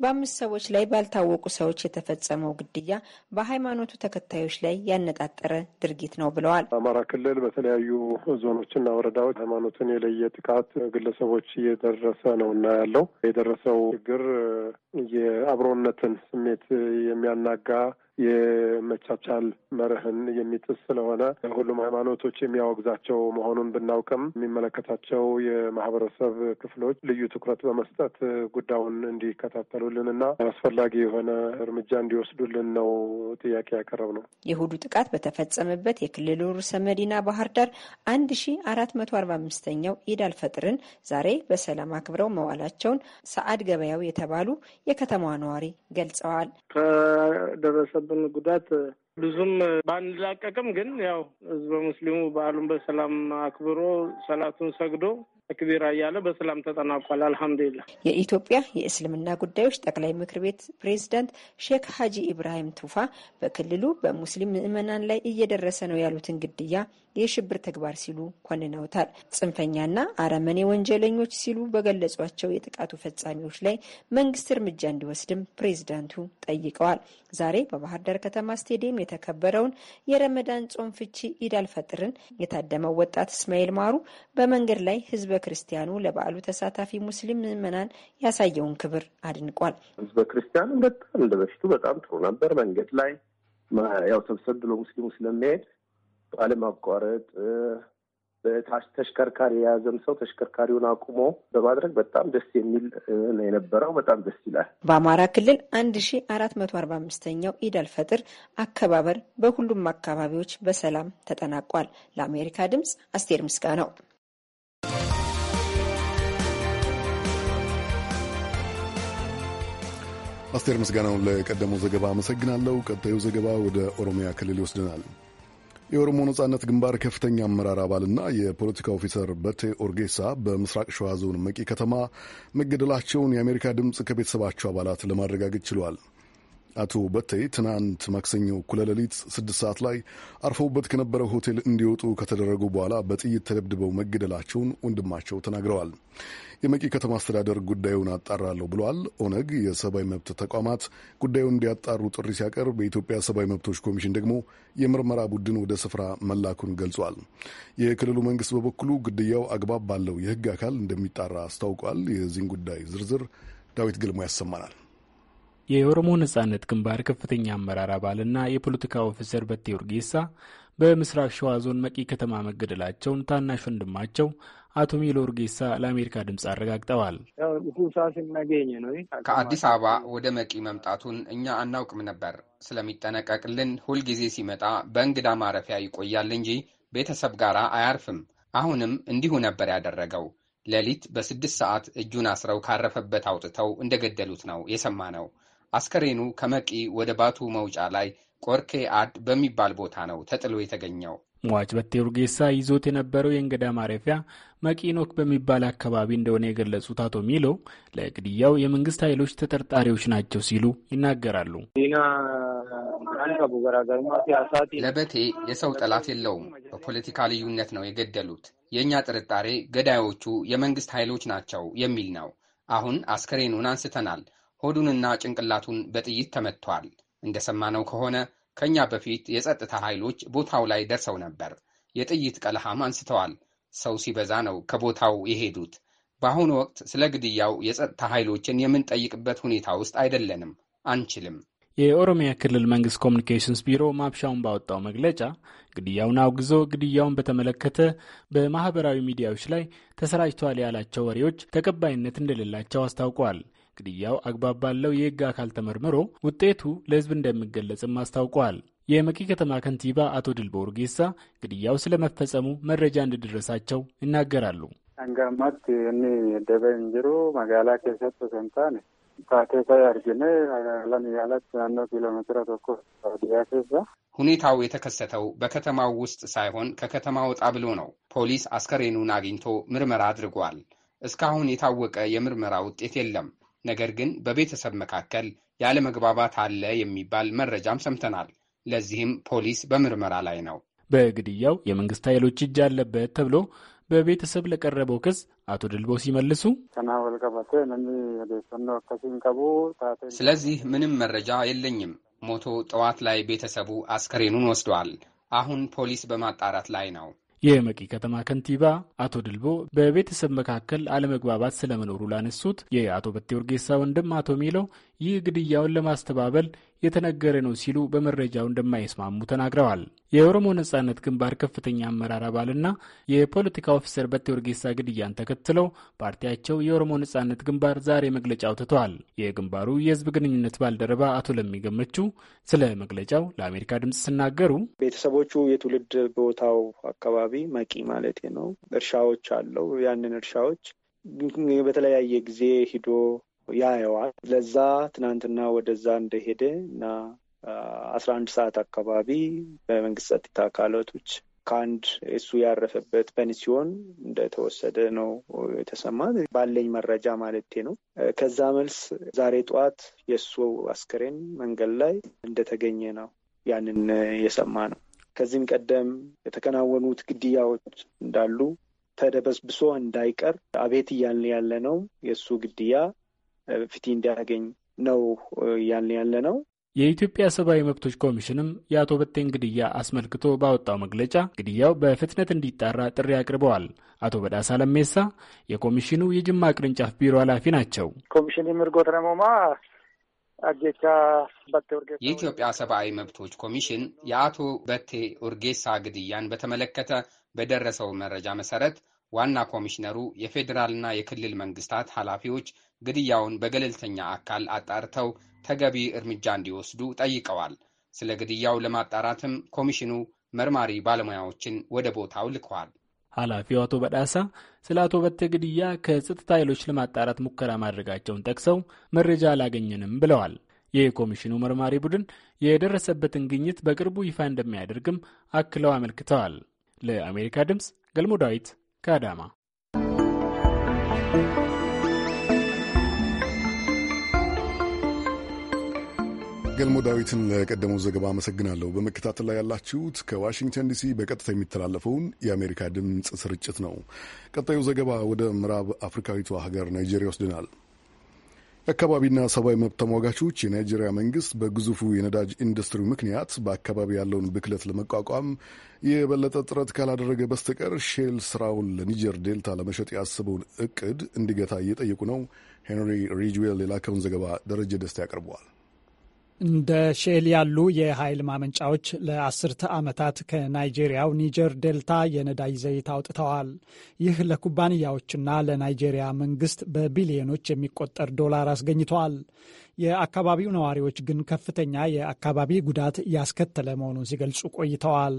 [SPEAKER 2] በአምስት ሰዎች ላይ ባልታወቁ ሰዎች የተፈጸመው ግድያ በሃይማኖቱ ተከታዮች ላይ ያነጣጠ ያነጣጠረ ድርጊት ነው ብለዋል።
[SPEAKER 9] በአማራ ክልል በተለያዩ ዞኖችና ወረዳዎች ሃይማኖትን የለየ ጥቃት ግለሰቦች እየደረሰ ነው እና ያለው የደረሰው ችግር የአብሮነትን ስሜት የሚያናጋ የመቻቻል መርህን የሚጥስ ስለሆነ ሁሉም ሃይማኖቶች የሚያወግዛቸው መሆኑን ብናውቅም የሚመለከታቸው የማህበረሰብ ክፍሎች ልዩ ትኩረት በመስጠት ጉዳዩን እንዲከታተሉልን እና አስፈላጊ የሆነ እርምጃ እንዲወስዱልን ነው ጥያቄ
[SPEAKER 2] ያቀረብ ነው። የእሁዱ ጥቃት በተፈጸመበት የክልሉ ርዕሰ መዲና ባህር ዳር አንድ ሺ አራት መቶ አርባ አምስተኛው ኢድ አልፈጥርን ዛሬ በሰላም አክብረው መዋላቸውን ሰዓድ ገበያው የተባሉ የከተማዋ ነዋሪ ገልጸዋል። ከደረሰ
[SPEAKER 10] የደረሰብን ጉዳት ብዙም ባንላቀቅም ግን ያው ህዝበ ሙስሊሙ በዓሉን በሰላም አክብሮ ሰላቱን ሰግዶ ተክቢራ እያለ በሰላም ተጠናቋል። አልሐምዱሊላ።
[SPEAKER 2] የኢትዮጵያ የእስልምና ጉዳዮች ጠቅላይ ምክር ቤት ፕሬዝዳንት ሼክ ሀጂ ኢብራሂም ቱፋ በክልሉ በሙስሊም ምዕመናን ላይ እየደረሰ ነው ያሉትን ግድያ የሽብር ተግባር ሲሉ ኮንነውታል። ጽንፈኛና አረመኔ ወንጀለኞች ሲሉ በገለጿቸው የጥቃቱ ፈጻሚዎች ላይ መንግስት እርምጃ እንዲወስድም ፕሬዚዳንቱ ጠይቀዋል። ዛሬ በባህር ዳር ከተማ ስቴዲየም የተከበረውን የረመዳን ጾም ፍቺ ኢድ አልፈጥርን የታደመው ወጣት እስማኤል ማሩ በመንገድ ላይ ህዝበ ክርስቲያኑ ለበዓሉ ተሳታፊ ሙስሊም ምዕመናን ያሳየውን ክብር
[SPEAKER 7] አድንቋል። ህዝበ ክርስቲያኑ በጣም እንደበፊቱ በጣም ጥሩ ነበር። መንገድ ላይ ያው ሰብሰብ ብሎ ሙስሊሙ ስለሚሄድ አለማቋረጥ ተሽከርካሪ የያዘም ሰው ተሽከርካሪውን አቁሞ በማድረግ በጣም ደስ የሚል ነው የነበረው።
[SPEAKER 9] በጣም ደስ ይላል።
[SPEAKER 2] በአማራ ክልል አንድ ሺ አራት መቶ አርባ አምስተኛው ኢድ አልፈጥር አከባበር በሁሉም አካባቢዎች በሰላም ተጠናቋል። ለአሜሪካ ድምፅ አስቴር ምስጋናው።
[SPEAKER 1] አስቴር ምስጋናውን ለቀደመው ዘገባ አመሰግናለሁ። ቀጣዩ ዘገባ ወደ ኦሮሚያ ክልል ይወስደናል። የኦሮሞ ነጻነት ግንባር ከፍተኛ አመራር አባልና የፖለቲካ ኦፊሰር በቴ ኦርጌሳ በምስራቅ ሸዋ ዞን መቂ ከተማ መገደላቸውን የአሜሪካ ድምፅ ከቤተሰባቸው አባላት ለማረጋገጥ ችሏል። አቶ በቴ ትናንት ማክሰኞ እኩለ ሌሊት ስድስት ሰዓት ላይ አርፈውበት ከነበረው ሆቴል እንዲወጡ ከተደረጉ በኋላ በጥይት ተደብድበው መገደላቸውን ወንድማቸው ተናግረዋል። የመቂ ከተማ አስተዳደር ጉዳዩን አጣራለሁ ብለዋል። ኦነግ የሰብአዊ መብት ተቋማት ጉዳዩን እንዲያጣሩ ጥሪ ሲያቀርብ የኢትዮጵያ ሰብአዊ መብቶች ኮሚሽን ደግሞ የምርመራ ቡድን ወደ ስፍራ መላኩን ገልጿል። የክልሉ መንግስት በበኩሉ ግድያው አግባብ ባለው የህግ አካል እንደሚጣራ አስታውቋል። የዚህን ጉዳይ ዝርዝር ዳዊት ግልሞ ያሰማናል።
[SPEAKER 10] የኦሮሞ ነጻነት ግንባር ከፍተኛ አመራር አባልና የፖለቲካ ኦፊሰር በቴ ኡርጌሳ በምስራቅ ሸዋ ዞን መቂ ከተማ መገደላቸውን ታናሽ ወንድማቸው አቶ ሚሎ ኡርጌሳ ለአሜሪካ ድምፅ አረጋግጠዋል።
[SPEAKER 11] ከአዲስ አበባ ወደ መቂ መምጣቱን እኛ አናውቅም ነበር። ስለሚጠነቀቅልን ሁልጊዜ ሲመጣ በእንግዳ ማረፊያ ይቆያል እንጂ ቤተሰብ ጋር አያርፍም። አሁንም እንዲሁ ነበር ያደረገው። ሌሊት በስድስት ሰዓት እጁን አስረው ካረፈበት አውጥተው እንደገደሉት ነው የሰማ ነው። አስከሬኑ ከመቂ ወደ ባቱ መውጫ ላይ ቆርኬ አድ በሚባል ቦታ ነው ተጥሎ የተገኘው።
[SPEAKER 10] ሟች በቴ ኡርጌሳ ይዞት የነበረው የእንግዳ ማረፊያ መቂኖክ በሚባል አካባቢ እንደሆነ የገለጹት አቶ ሚሎ ለግድያው የመንግስት ኃይሎች ተጠርጣሪዎች ናቸው ሲሉ ይናገራሉ።
[SPEAKER 11] ለበቴ የሰው ጠላት የለውም። በፖለቲካ ልዩነት ነው የገደሉት። የእኛ ጥርጣሬ ገዳዮቹ የመንግስት ኃይሎች ናቸው የሚል ነው። አሁን አስከሬኑን አንስተናል። ሆዱንና ጭንቅላቱን በጥይት ተመትቷል። እንደሰማነው ከሆነ ከእኛ በፊት የጸጥታ ኃይሎች ቦታው ላይ ደርሰው ነበር። የጥይት ቀለሃም አንስተዋል። ሰው ሲበዛ ነው ከቦታው የሄዱት። በአሁኑ ወቅት ስለ ግድያው የጸጥታ ኃይሎችን የምንጠይቅበት ሁኔታ ውስጥ አይደለንም፣ አንችልም።
[SPEAKER 10] የኦሮሚያ ክልል መንግስት ኮሚኒኬሽንስ ቢሮ ማምሻውን ባወጣው መግለጫ ግድያውን አውግዞ ግድያውን በተመለከተ በማህበራዊ ሚዲያዎች ላይ ተሰራጭተዋል ያላቸው ወሬዎች ተቀባይነት እንደሌላቸው አስታውቋል። ግድያው አግባብ ባለው የህግ አካል ተመርምሮ ውጤቱ ለህዝብ እንደሚገለጽም አስታውቋል። የመቂ ከተማ ከንቲባ አቶ ድልቦ ኡርጌሳ ግድያው ስለመፈጸሙ መረጃ እንደደረሳቸው ይናገራሉ።
[SPEAKER 12] አንጋማት እኒ ደበ እንጅሩ መጋላ ከሰጥ ሰንታን
[SPEAKER 13] ታቴታ ያርግነ ለን ያለት ኪሎ ሜትር ቶኮ ሳዲያ
[SPEAKER 11] ሁኔታው የተከሰተው በከተማው ውስጥ ሳይሆን ከከተማ ወጣ ብሎ ነው። ፖሊስ አስከሬኑን አግኝቶ ምርመራ አድርጓል። እስካሁን የታወቀ የምርመራ ውጤት የለም። ነገር ግን በቤተሰብ መካከል ያለመግባባት አለ የሚባል መረጃም ሰምተናል። ለዚህም ፖሊስ በምርመራ ላይ ነው።
[SPEAKER 10] በግድያው የመንግስት ኃይሎች እጅ አለበት ተብሎ በቤተሰብ ለቀረበው ክስ አቶ ድልቦ ሲመልሱ
[SPEAKER 11] ስለዚህ ምንም መረጃ የለኝም። ሞቶ ጠዋት ላይ ቤተሰቡ አስከሬኑን ወስደዋል። አሁን ፖሊስ በማጣራት ላይ ነው።
[SPEAKER 10] የመቂ ከተማ ከንቲባ አቶ ድልቦ በቤተሰብ መካከል አለመግባባት ስለመኖሩ ላነሱት የአቶ በቴ ኡርጌሳ ወንድም አቶ ሚለው ይህ ግድያውን ለማስተባበል የተነገረ ነው ሲሉ በመረጃው እንደማይስማሙ ተናግረዋል። የኦሮሞ ነጻነት ግንባር ከፍተኛ አመራር አባልና የፖለቲካ ኦፊሰር በቴ ኡርጌሳ ግድያን ተከትለው ፓርቲያቸው የኦሮሞ ነጻነት ግንባር ዛሬ መግለጫ አውጥተዋል። የግንባሩ የህዝብ ግንኙነት ባልደረባ አቶ ለሚገመቹ ስለ መግለጫው ለአሜሪካ ድምፅ ሲናገሩ
[SPEAKER 14] ቤተሰቦቹ የትውልድ ቦታው አካባቢ መቂ ማለት ነው እርሻዎች አለው ያንን እርሻዎች በተለያየ ጊዜ ሂዶ ያየዋል። ለዛ ትናንትና ወደዛ እንደሄደ እና አስራ አንድ ሰዓት አካባቢ በመንግስት ጸጥታ አካላቶች ከአንድ እሱ ያረፈበት ሲሆን እንደተወሰደ ነው የተሰማ ባለኝ መረጃ ማለት ነው። ከዛ መልስ ዛሬ ጠዋት የእሱ አስክሬን መንገድ ላይ እንደተገኘ ነው ያንን የሰማ ነው። ከዚህም ቀደም የተከናወኑት ግድያዎች እንዳሉ ተደበስብሶ እንዳይቀር አቤት እያልን ያለ ነው የእሱ ግድያ ፍትህ እንዲያገኝ ነው እያልን ያለ ነው።
[SPEAKER 10] የኢትዮጵያ ሰብአዊ መብቶች ኮሚሽንም የአቶ በቴን ግድያ አስመልክቶ ባወጣው መግለጫ ግድያው በፍጥነት እንዲጣራ ጥሪ አቅርበዋል። አቶ በዳሳ ለሜሳ የኮሚሽኑ የጅማ ቅርንጫፍ ቢሮ ኃላፊ ናቸው።
[SPEAKER 11] ኮሚሽን የምርጎት ረሞማ የኢትዮጵያ ሰብአዊ መብቶች ኮሚሽን የአቶ በቴ ኡርጌሳ ግድያን በተመለከተ በደረሰው መረጃ መሰረት ዋና ኮሚሽነሩ የፌዴራልና የክልል መንግስታት ኃላፊዎች ግድያውን በገለልተኛ አካል አጣርተው ተገቢ እርምጃ እንዲወስዱ ጠይቀዋል። ስለ ግድያው ለማጣራትም ኮሚሽኑ መርማሪ ባለሙያዎችን ወደ ቦታው ልከዋል።
[SPEAKER 10] ኃላፊው አቶ በዳሳ ስለ አቶ በቴ ግድያ ከጸጥታ ኃይሎች ለማጣራት ሙከራ ማድረጋቸውን ጠቅሰው መረጃ አላገኘንም ብለዋል። የኮሚሽኑ መርማሪ ቡድን የደረሰበትን ግኝት በቅርቡ ይፋ እንደሚያደርግም አክለው አመልክተዋል። ለአሜሪካ ድምፅ ገልሞ ዳዊት ከአዳማ
[SPEAKER 1] ገልሞ ዳዊትን ለቀደመው ዘገባ አመሰግናለሁ። በመከታተል ላይ ያላችሁት ከዋሽንግተን ዲሲ በቀጥታ የሚተላለፈውን የአሜሪካ ድምፅ ስርጭት ነው። ቀጣዩ ዘገባ ወደ ምዕራብ አፍሪካዊቷ ሀገር ናይጄሪያ ይወስድናል። የአካባቢና ሰብአዊ መብት ተሟጋቾች የናይጄሪያ መንግስት በግዙፉ የነዳጅ ኢንዱስትሪ ምክንያት በአካባቢ ያለውን ብክለት ለመቋቋም የበለጠ ጥረት ካላደረገ በስተቀር ሼል ስራውን ለኒጀር ዴልታ ለመሸጥ ያስበውን እቅድ እንዲገታ እየጠየቁ ነው። ሄንሪ ሪጅዌል የላከውን ዘገባ ደረጀ ደስታ ያቀርበዋል።
[SPEAKER 14] እንደ ሼል ያሉ የኃይል ማመንጫዎች ለአስርተ ዓመታት ከናይጄሪያው ኒጀር ዴልታ የነዳጅ ዘይት አውጥተዋል። ይህ ለኩባንያዎችና ለናይጄሪያ መንግስት በቢሊዮኖች የሚቆጠር ዶላር አስገኝተዋል። የአካባቢው ነዋሪዎች ግን ከፍተኛ የአካባቢ ጉዳት ያስከተለ መሆኑን ሲገልጹ ቆይተዋል።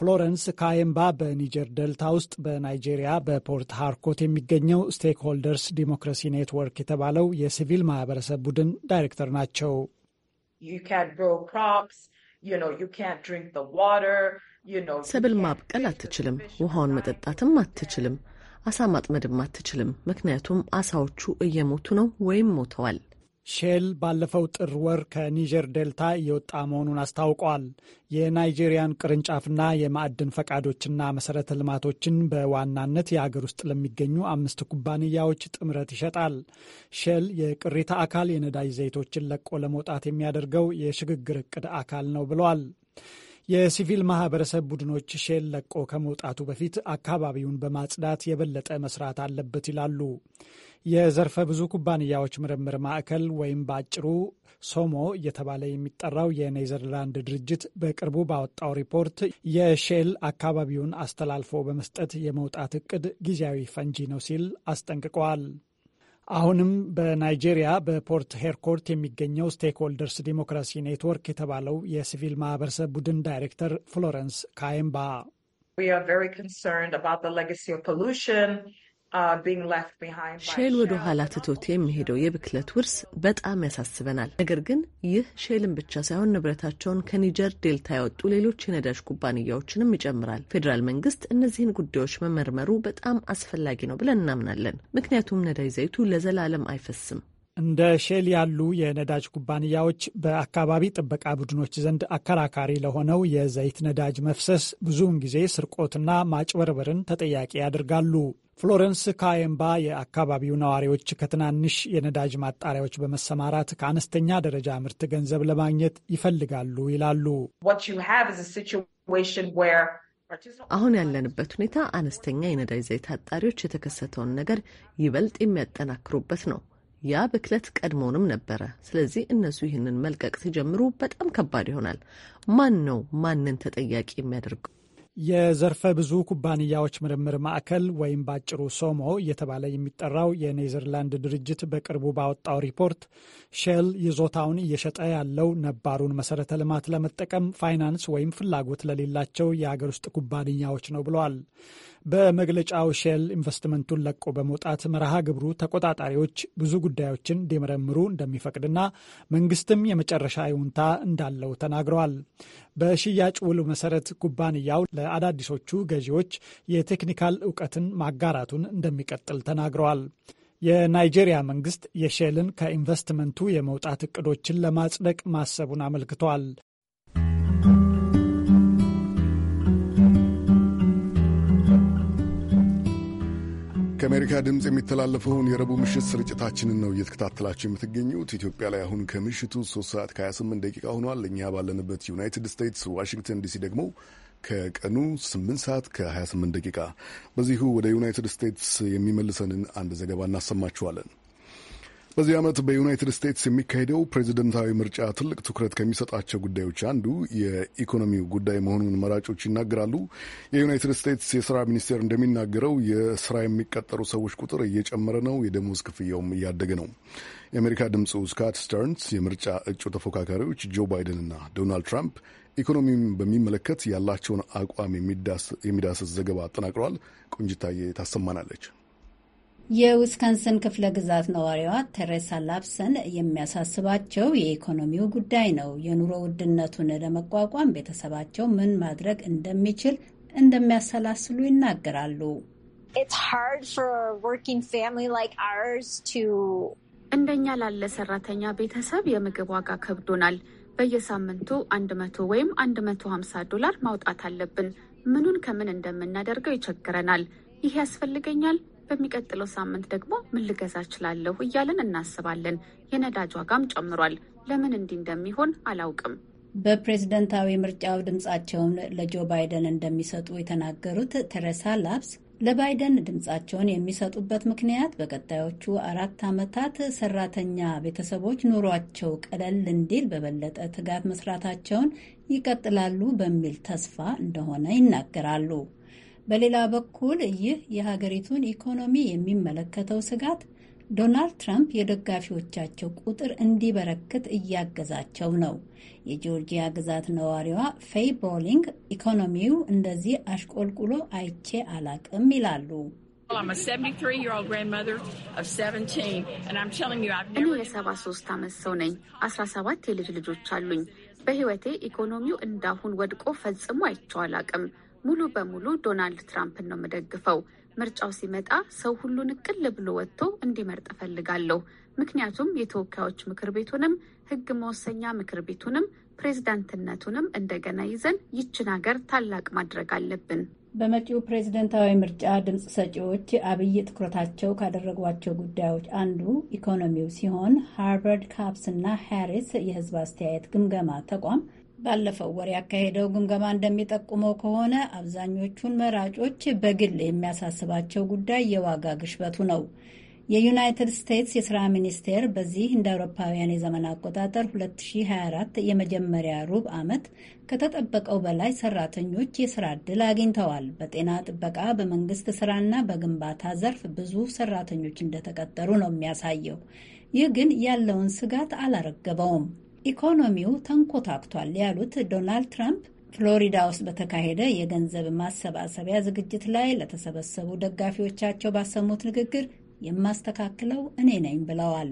[SPEAKER 14] ፍሎረንስ ካየምባ በኒጀር ዴልታ ውስጥ በናይጄሪያ በፖርት ሃርኮት የሚገኘው ስቴክሆልደርስ ዲሞክራሲ ኔትወርክ የተባለው የሲቪል ማህበረሰብ ቡድን ዳይሬክተር ናቸው።
[SPEAKER 2] you can't grow crops, you know, you can't drink the water, you know.
[SPEAKER 15] ሰብል ማብቀል አትችልም፣ ውሃውን መጠጣትም አትችልም፣ አሳ ማጥመድም አትችልም። ምክንያቱም አሳዎቹ እየሞቱ ነው ወይም ሞተዋል።
[SPEAKER 14] ሼል ባለፈው ጥር ወር ከኒጀር ዴልታ እየወጣ መሆኑን አስታውቋል። የናይጄሪያን ቅርንጫፍና የማዕድን ፈቃዶችና መሰረተ ልማቶችን በዋናነት የአገር ውስጥ ለሚገኙ አምስት ኩባንያዎች ጥምረት ይሸጣል። ሼል የቅሪተ አካል የነዳጅ ዘይቶችን ለቆ ለመውጣት የሚያደርገው የሽግግር እቅድ አካል ነው ብሏል። የሲቪል ማህበረሰብ ቡድኖች ሼል ለቆ ከመውጣቱ በፊት አካባቢውን በማጽዳት የበለጠ መስራት አለበት ይላሉ። የዘርፈ ብዙ ኩባንያዎች ምርምር ማዕከል ወይም በአጭሩ ሶሞ እየተባለ የሚጠራው የኔዘርላንድ ድርጅት በቅርቡ ባወጣው ሪፖርት የሼል አካባቢውን አስተላልፎ በመስጠት የመውጣት እቅድ ጊዜያዊ ፈንጂ ነው ሲል አስጠንቅቀዋል። አሁንም በናይጄሪያ በፖርት ሄርኮርት የሚገኘው ስቴክሆልደርስ ዲሞክራሲ ኔትወርክ የተባለው የሲቪል ማህበረሰብ ቡድን ዳይሬክተር ፍሎረንስ ካየምባ
[SPEAKER 2] Uh,
[SPEAKER 15] ሼል ወደ ኋላ ትቶት የሚሄደው የብክለት ውርስ በጣም ያሳስበናል። ነገር ግን ይህ ሼልን ብቻ ሳይሆን ንብረታቸውን ከኒጀር ዴልታ ያወጡ ሌሎች የነዳጅ ኩባንያዎችንም ይጨምራል። ፌዴራል መንግስት እነዚህን ጉዳዮች መመርመሩ በጣም አስፈላጊ ነው ብለን እናምናለን። ምክንያቱም ነዳጅ ዘይቱ ለዘላለም አይፈስም።
[SPEAKER 14] እንደ ሼል ያሉ የነዳጅ ኩባንያዎች በአካባቢ ጥበቃ ቡድኖች ዘንድ አከራካሪ ለሆነው የዘይት ነዳጅ መፍሰስ ብዙውን ጊዜ ስርቆትና ማጭበርበርን ተጠያቂ ያደርጋሉ። ፍሎረንስ ካየምባ የአካባቢው ነዋሪዎች ከትናንሽ የነዳጅ ማጣሪያዎች በመሰማራት ከአነስተኛ ደረጃ ምርት ገንዘብ ለማግኘት ይፈልጋሉ ይላሉ።
[SPEAKER 15] አሁን ያለንበት ሁኔታ አነስተኛ የነዳጅ ዘይት አጣሪዎች የተከሰተውን ነገር ይበልጥ የሚያጠናክሩበት ነው። ያ ብክለት ቀድሞውንም ነበረ። ስለዚህ እነሱ ይህንን መልቀቅ ሲጀምሩ በጣም ከባድ ይሆናል። ማን ነው ማንን ተጠያቂ የሚያደርገው?
[SPEAKER 14] የዘርፈ ብዙ ኩባንያዎች ምርምር ማዕከል ወይም በአጭሩ ሶሞ እየተባለ የሚጠራው የኔዘርላንድ ድርጅት በቅርቡ ባወጣው ሪፖርት ሼል ይዞታውን እየሸጠ ያለው ነባሩን መሰረተ ልማት ለመጠቀም ፋይናንስ ወይም ፍላጎት ለሌላቸው የአገር ውስጥ ኩባንያዎች ነው ብለዋል። በመግለጫው ሼል ኢንቨስትመንቱን ለቆ በመውጣት መርሃ ግብሩ ተቆጣጣሪዎች ብዙ ጉዳዮችን እንዲመረምሩ እንደሚፈቅድና መንግስትም የመጨረሻ ይሁንታ እንዳለው ተናግረዋል። በሽያጭ ውሉ መሰረት ኩባንያው ለአዳዲሶቹ ገዢዎች የቴክኒካል እውቀትን ማጋራቱን እንደሚቀጥል ተናግረዋል። የናይጄሪያ መንግስት የሼልን ከኢንቨስትመንቱ የመውጣት እቅዶችን ለማጽደቅ ማሰቡን አመልክቷል።
[SPEAKER 1] ከአሜሪካ ድምፅ የሚተላለፈውን የረቡዕ ምሽት ስርጭታችንን ነው እየተከታተላችሁ የምትገኙት። ኢትዮጵያ ላይ አሁን ከምሽቱ 3 ሰዓት ከ28 ደቂቃ ሆኗል። እኛ ባለንበት ዩናይትድ ስቴትስ ዋሽንግተን ዲሲ ደግሞ ከቀኑ 8 ሰዓት ከ28 ደቂቃ። በዚሁ ወደ ዩናይትድ ስቴትስ የሚመልሰንን አንድ ዘገባ እናሰማችኋለን። በዚህ ዓመት በዩናይትድ ስቴትስ የሚካሄደው ፕሬዚደንታዊ ምርጫ ትልቅ ትኩረት ከሚሰጣቸው ጉዳዮች አንዱ የኢኮኖሚው ጉዳይ መሆኑን መራጮች ይናገራሉ። የዩናይትድ ስቴትስ የስራ ሚኒስቴር እንደሚናገረው የስራ የሚቀጠሩ ሰዎች ቁጥር እየጨመረ ነው፣ የደሞዝ ክፍያውም እያደገ ነው። የአሜሪካ ድምፁ ስካት ስተርንስ የምርጫ እጩ ተፎካካሪዎች ጆ ባይደንና ዶናልድ ትራምፕ ኢኮኖሚን በሚመለከት ያላቸውን አቋም የሚዳስስ ዘገባ አጠናቅረዋል። ቆንጅታዬ ታሰማናለች።
[SPEAKER 15] የዊስከንሰን ክፍለ ግዛት ነዋሪዋ ቴሬሳ ላፕሰን የሚያሳስባቸው የኢኮኖሚው ጉዳይ ነው። የኑሮ ውድነቱን ለመቋቋም ቤተሰባቸው ምን ማድረግ እንደሚችል እንደሚያሰላስሉ ይናገራሉ። እንደኛ ላለ ሰራተኛ ቤተሰብ የምግብ ዋጋ ከብዶናል። በየሳምንቱ 100 ወይም 150 ዶላር ማውጣት አለብን። ምኑን ከምን እንደምናደርገው ይቸግረናል። ይህ ያስፈልገኛል በሚቀጥለው ሳምንት ደግሞ ምን ልገዛ እችላለሁ እያለን እናስባለን። የነዳጅ ዋጋም ጨምሯል። ለምን እንዲህ እንደሚሆን አላውቅም። በፕሬዝደንታዊ ምርጫው ድምጻቸውን ለጆ ባይደን እንደሚሰጡ የተናገሩት ቴሬሳ ላፕስ ለባይደን ድምጻቸውን የሚሰጡበት ምክንያት በቀጣዮቹ አራት ዓመታት ሰራተኛ ቤተሰቦች ኑሯቸው ቀለል እንዲል በበለጠ ትጋት መስራታቸውን ይቀጥላሉ በሚል ተስፋ እንደሆነ ይናገራሉ። በሌላ በኩል ይህ የሀገሪቱን ኢኮኖሚ የሚመለከተው ስጋት ዶናልድ ትራምፕ የደጋፊዎቻቸው ቁጥር እንዲበረክት እያገዛቸው ነው። የጆርጂያ ግዛት ነዋሪዋ ፌይ ቦሊንግ ኢኮኖሚው እንደዚህ አሽቆልቁሎ አይቼ አላቅም ይላሉ። እኔ የሰባ ሶስት ዓመት ሰው ነኝ። አስራ ሰባት የልጅ ልጆች አሉኝ። በህይወቴ ኢኮኖሚው እንዳሁን ወድቆ ፈጽሞ አይቼው አላቅም። ሙሉ በሙሉ ዶናልድ ትራምፕን ነው የምደግፈው። ምርጫው ሲመጣ ሰው ሁሉን እቅል ብሎ ወጥቶ እንዲመርጥ እፈልጋለሁ። ምክንያቱም የተወካዮች ምክር ቤቱንም ሕግ መወሰኛ ምክር ቤቱንም ፕሬዝዳንትነቱንም እንደገና ይዘን ይችን ሀገር ታላቅ ማድረግ አለብን። በመጪው ፕሬዝደንታዊ ምርጫ ድምፅ ሰጪዎች አብይ ትኩረታቸው ካደረጓቸው ጉዳዮች አንዱ ኢኮኖሚው ሲሆን ሃርቨርድ ካፕስ እና ሃሪስ የህዝብ አስተያየት ግምገማ ተቋም ባለፈው ወር ያካሄደው ግምገማ እንደሚጠቁመው ከሆነ አብዛኞቹን መራጮች በግል የሚያሳስባቸው ጉዳይ የዋጋ ግሽበቱ ነው። የዩናይትድ ስቴትስ የስራ ሚኒስቴር በዚህ እንደ አውሮፓውያን የዘመን አቆጣጠር 2024 የመጀመሪያ ሩብ ዓመት ከተጠበቀው በላይ ሰራተኞች የስራ ዕድል አግኝተዋል። በጤና ጥበቃ፣ በመንግስት ስራና በግንባታ ዘርፍ ብዙ ሰራተኞች እንደተቀጠሩ ነው የሚያሳየው። ይህ ግን ያለውን ስጋት አላረገበውም። ኢኮኖሚው ተንኮታክቷል ያሉት ዶናልድ ትራምፕ ፍሎሪዳ ውስጥ በተካሄደ የገንዘብ ማሰባሰቢያ ዝግጅት ላይ ለተሰበሰቡ ደጋፊዎቻቸው ባሰሙት ንግግር የማስተካክለው እኔ ነኝ ብለዋል።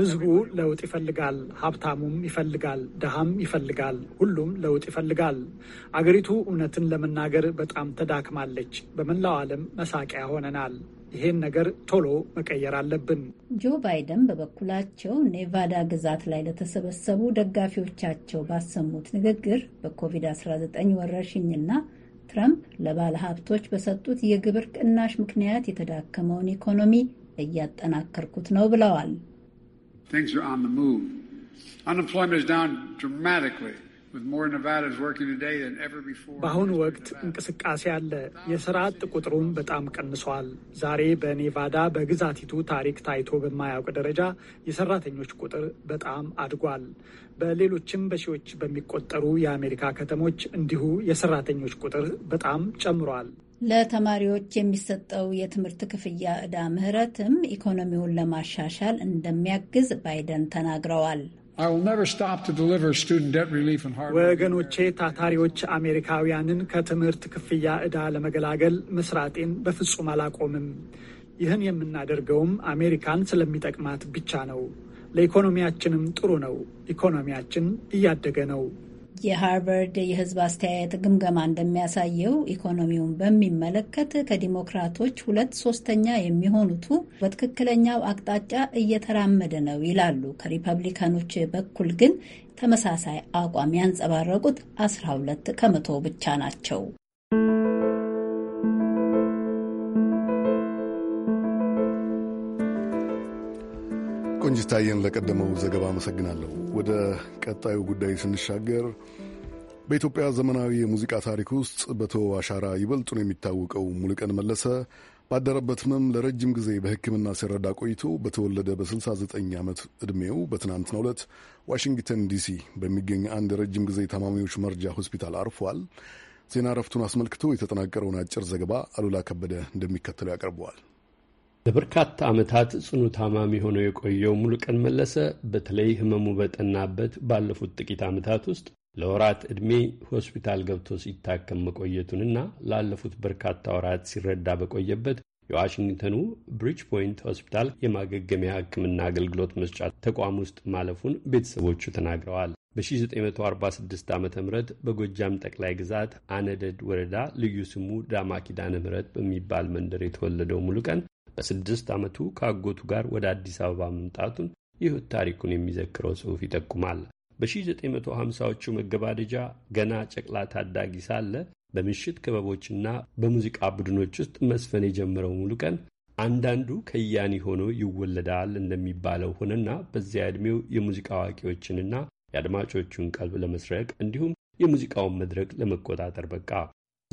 [SPEAKER 14] ሕዝቡ ለውጥ ይፈልጋል። ሀብታሙም ይፈልጋል፣ ድሃም ይፈልጋል። ሁሉም ለውጥ ይፈልጋል። አገሪቱ እውነትን ለመናገር በጣም ተዳክማለች። በመላው ዓለም መሳቂያ ሆነናል። ይሄን ነገር ቶሎ መቀየር አለብን።
[SPEAKER 15] ጆ ባይደን በበኩላቸው ኔቫዳ ግዛት ላይ ለተሰበሰቡ ደጋፊዎቻቸው ባሰሙት ንግግር በኮቪድ-19 ወረርሽኝና ትራምፕ ለባለ ሀብቶች በሰጡት የግብር ቅናሽ ምክንያት የተዳከመውን ኢኮኖሚ እያጠናከርኩት ነው ብለዋል።
[SPEAKER 14] በአሁኑ ወቅት እንቅስቃሴ አለ። የስራ አጥ ቁጥሩም በጣም ቀንሷል። ዛሬ በኔቫዳ በግዛቲቱ ታሪክ ታይቶ በማያውቅ ደረጃ የሰራተኞች ቁጥር በጣም አድጓል። በሌሎችም በሺዎች በሚቆጠሩ የአሜሪካ ከተሞች እንዲሁ የሰራተኞች ቁጥር በጣም ጨምሯል።
[SPEAKER 15] ለተማሪዎች የሚሰጠው የትምህርት ክፍያ ዕዳ ምህረትም ኢኮኖሚውን ለማሻሻል እንደሚያግዝ ባይደን ተናግረዋል።
[SPEAKER 14] ወገኖቼ ታታሪዎች አሜሪካውያንን ከትምህርት ክፍያ ዕዳ ለመገላገል መስራጤን በፍጹም አላቆምም። ይህን የምናደርገውም አሜሪካን ስለሚጠቅማት ብቻ ነው። ለኢኮኖሚያችንም ጥሩ ነው። ኢኮኖሚያችን እያደገ ነው።
[SPEAKER 15] የሃርቨርድ የሕዝብ አስተያየት ግምገማ እንደሚያሳየው ኢኮኖሚውን በሚመለከት ከዲሞክራቶች ሁለት ሶስተኛ የሚሆኑቱ በትክክለኛው አቅጣጫ እየተራመደ ነው ይላሉ። ከሪፐብሊካኖች በኩል ግን ተመሳሳይ አቋም ያንጸባረቁት 12 ከመቶ ብቻ ናቸው።
[SPEAKER 1] ቆንጅታየን ለቀደመው ዘገባ አመሰግናለሁ። ወደ ቀጣዩ ጉዳይ ስንሻገር በኢትዮጵያ ዘመናዊ የሙዚቃ ታሪክ ውስጥ በተወው አሻራ ይበልጡን የሚታወቀው ሙሉቀን መለሰ ባደረበት ህመም ለረጅም ጊዜ በሕክምና ሲረዳ ቆይቶ በተወለደ በ69 ዓመት ዕድሜው በትናንትናው ዕለት ዋሽንግተን ዲሲ በሚገኝ አንድ የረጅም ጊዜ ታማሚዎች መርጃ ሆስፒታል አርፏል። ዜና እረፍቱን አስመልክቶ የተጠናቀረውን አጭር ዘገባ አሉላ ከበደ እንደሚከተለው ያቀርበዋል።
[SPEAKER 16] ለበርካታ ዓመታት ጽኑ ታማሚ ሆነው የቆየው ሙሉቀን መለሰ በተለይ ህመሙ በጠናበት ባለፉት ጥቂት ዓመታት ውስጥ ለወራት ዕድሜ ሆስፒታል ገብቶ ሲታከም መቆየቱንና ላለፉት በርካታ ወራት ሲረዳ በቆየበት የዋሽንግተኑ ብሪጅ ፖይንት ሆስፒታል የማገገሚያ ሕክምና አገልግሎት መስጫ ተቋም ውስጥ ማለፉን ቤተሰቦቹ ተናግረዋል። በ1946 ዓ ም በጎጃም ጠቅላይ ግዛት አነደድ ወረዳ ልዩ ስሙ ዳማ ኪዳነ ምሕረት በሚባል መንደር የተወለደው ሙሉቀን በስድስት ዓመቱ ከአጎቱ ጋር ወደ አዲስ አበባ መምጣቱን የሕይወት ታሪኩን የሚዘክረው ጽሑፍ ይጠቁማል። በ1950ዎቹ መገባደጃ ገና ጨቅላ ታዳጊ ሳለ በምሽት ክበቦችና በሙዚቃ ቡድኖች ውስጥ መስፈን የጀመረው ቀን፣ አንዳንዱ ከያኒ ሆኖ ይወለዳል እንደሚባለው ሆነና በዚያ ዕድሜው የሙዚቃ አዋቂዎችንና የአድማጮቹን ቀልብ ለመስረቅ እንዲሁም የሙዚቃውን መድረክ ለመቆጣጠር በቃ።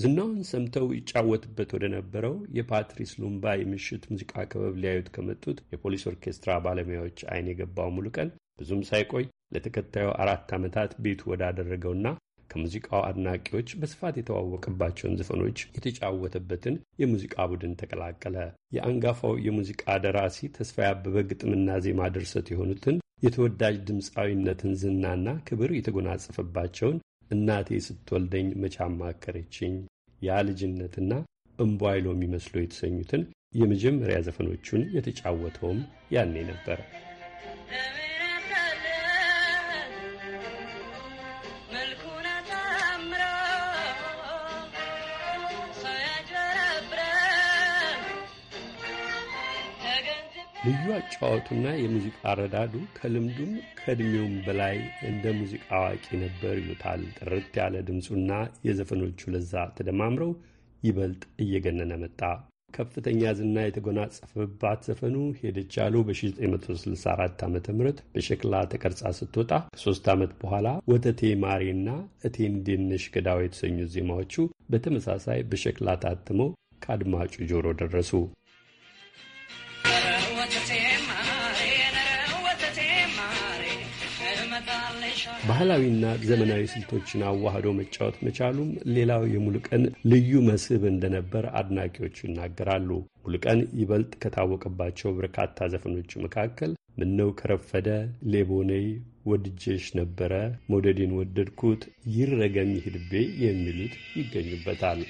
[SPEAKER 16] ዝናውን ሰምተው ይጫወትበት ወደ ነበረው የፓትሪስ ሉምባ የምሽት ሙዚቃ ክበብ ሊያዩት ከመጡት የፖሊስ ኦርኬስትራ ባለሙያዎች አይን የገባው ሙሉቀን ብዙም ሳይቆይ ለተከታዩ አራት ዓመታት ቤቱ ወዳደረገውና ከሙዚቃው አድናቂዎች በስፋት የተዋወቀባቸውን ዘፈኖች የተጫወተበትን የሙዚቃ ቡድን ተቀላቀለ። የአንጋፋው የሙዚቃ ደራሲ ተስፋዬ አበበ ግጥምና ዜማ ድርሰት የሆኑትን የተወዳጅ ድምፃዊነትን ዝናና ክብር የተጎናጸፈባቸውን እናቴ ስትወልደኝ ማከረችኝ፣ ያ ልጅነትና ሎሚ የሚመስሉ የተሰኙትን የመጀመሪያ ዘፈኖቹን የተጫወተውም ያኔ ነበር። ልዩ አጫዋቱና የሙዚቃ አረዳዱ ከልምዱም ከእድሜውም በላይ እንደ ሙዚቃ አዋቂ ነበር ይሉታል። ጥርት ያለ ድምፁና የዘፈኖቹ ለዛ ተደማምረው ይበልጥ እየገነነ መጣ። ከፍተኛ ዝና የተጎናጸፈባት ዘፈኑ ሄደች ያሉ በ1964 ዓ ም በሸክላ ተቀርጻ ስትወጣ ከሶስት ዓመት በኋላ ወተቴ ማሬና እቴ እንዴነሽ ገዳው የተሰኙት ዜማዎቹ በተመሳሳይ በሸክላ ታትመው ከአድማጩ ጆሮ ደረሱ። ባህላዊና ዘመናዊ ስልቶችን አዋህዶ መጫወት መቻሉም ሌላው የሙሉቀን ልዩ መስህብ እንደነበር አድናቂዎቹ ይናገራሉ። ሙሉቀን ይበልጥ ከታወቀባቸው በርካታ ዘፈኖቹ መካከል ምነው ከረፈደ፣ ሌቦኔይ፣ ወድጄሽ ነበረ፣ መውደዴን ወደድኩት፣ ይረገም ይሂድቤ የሚሉት ይገኙበታል።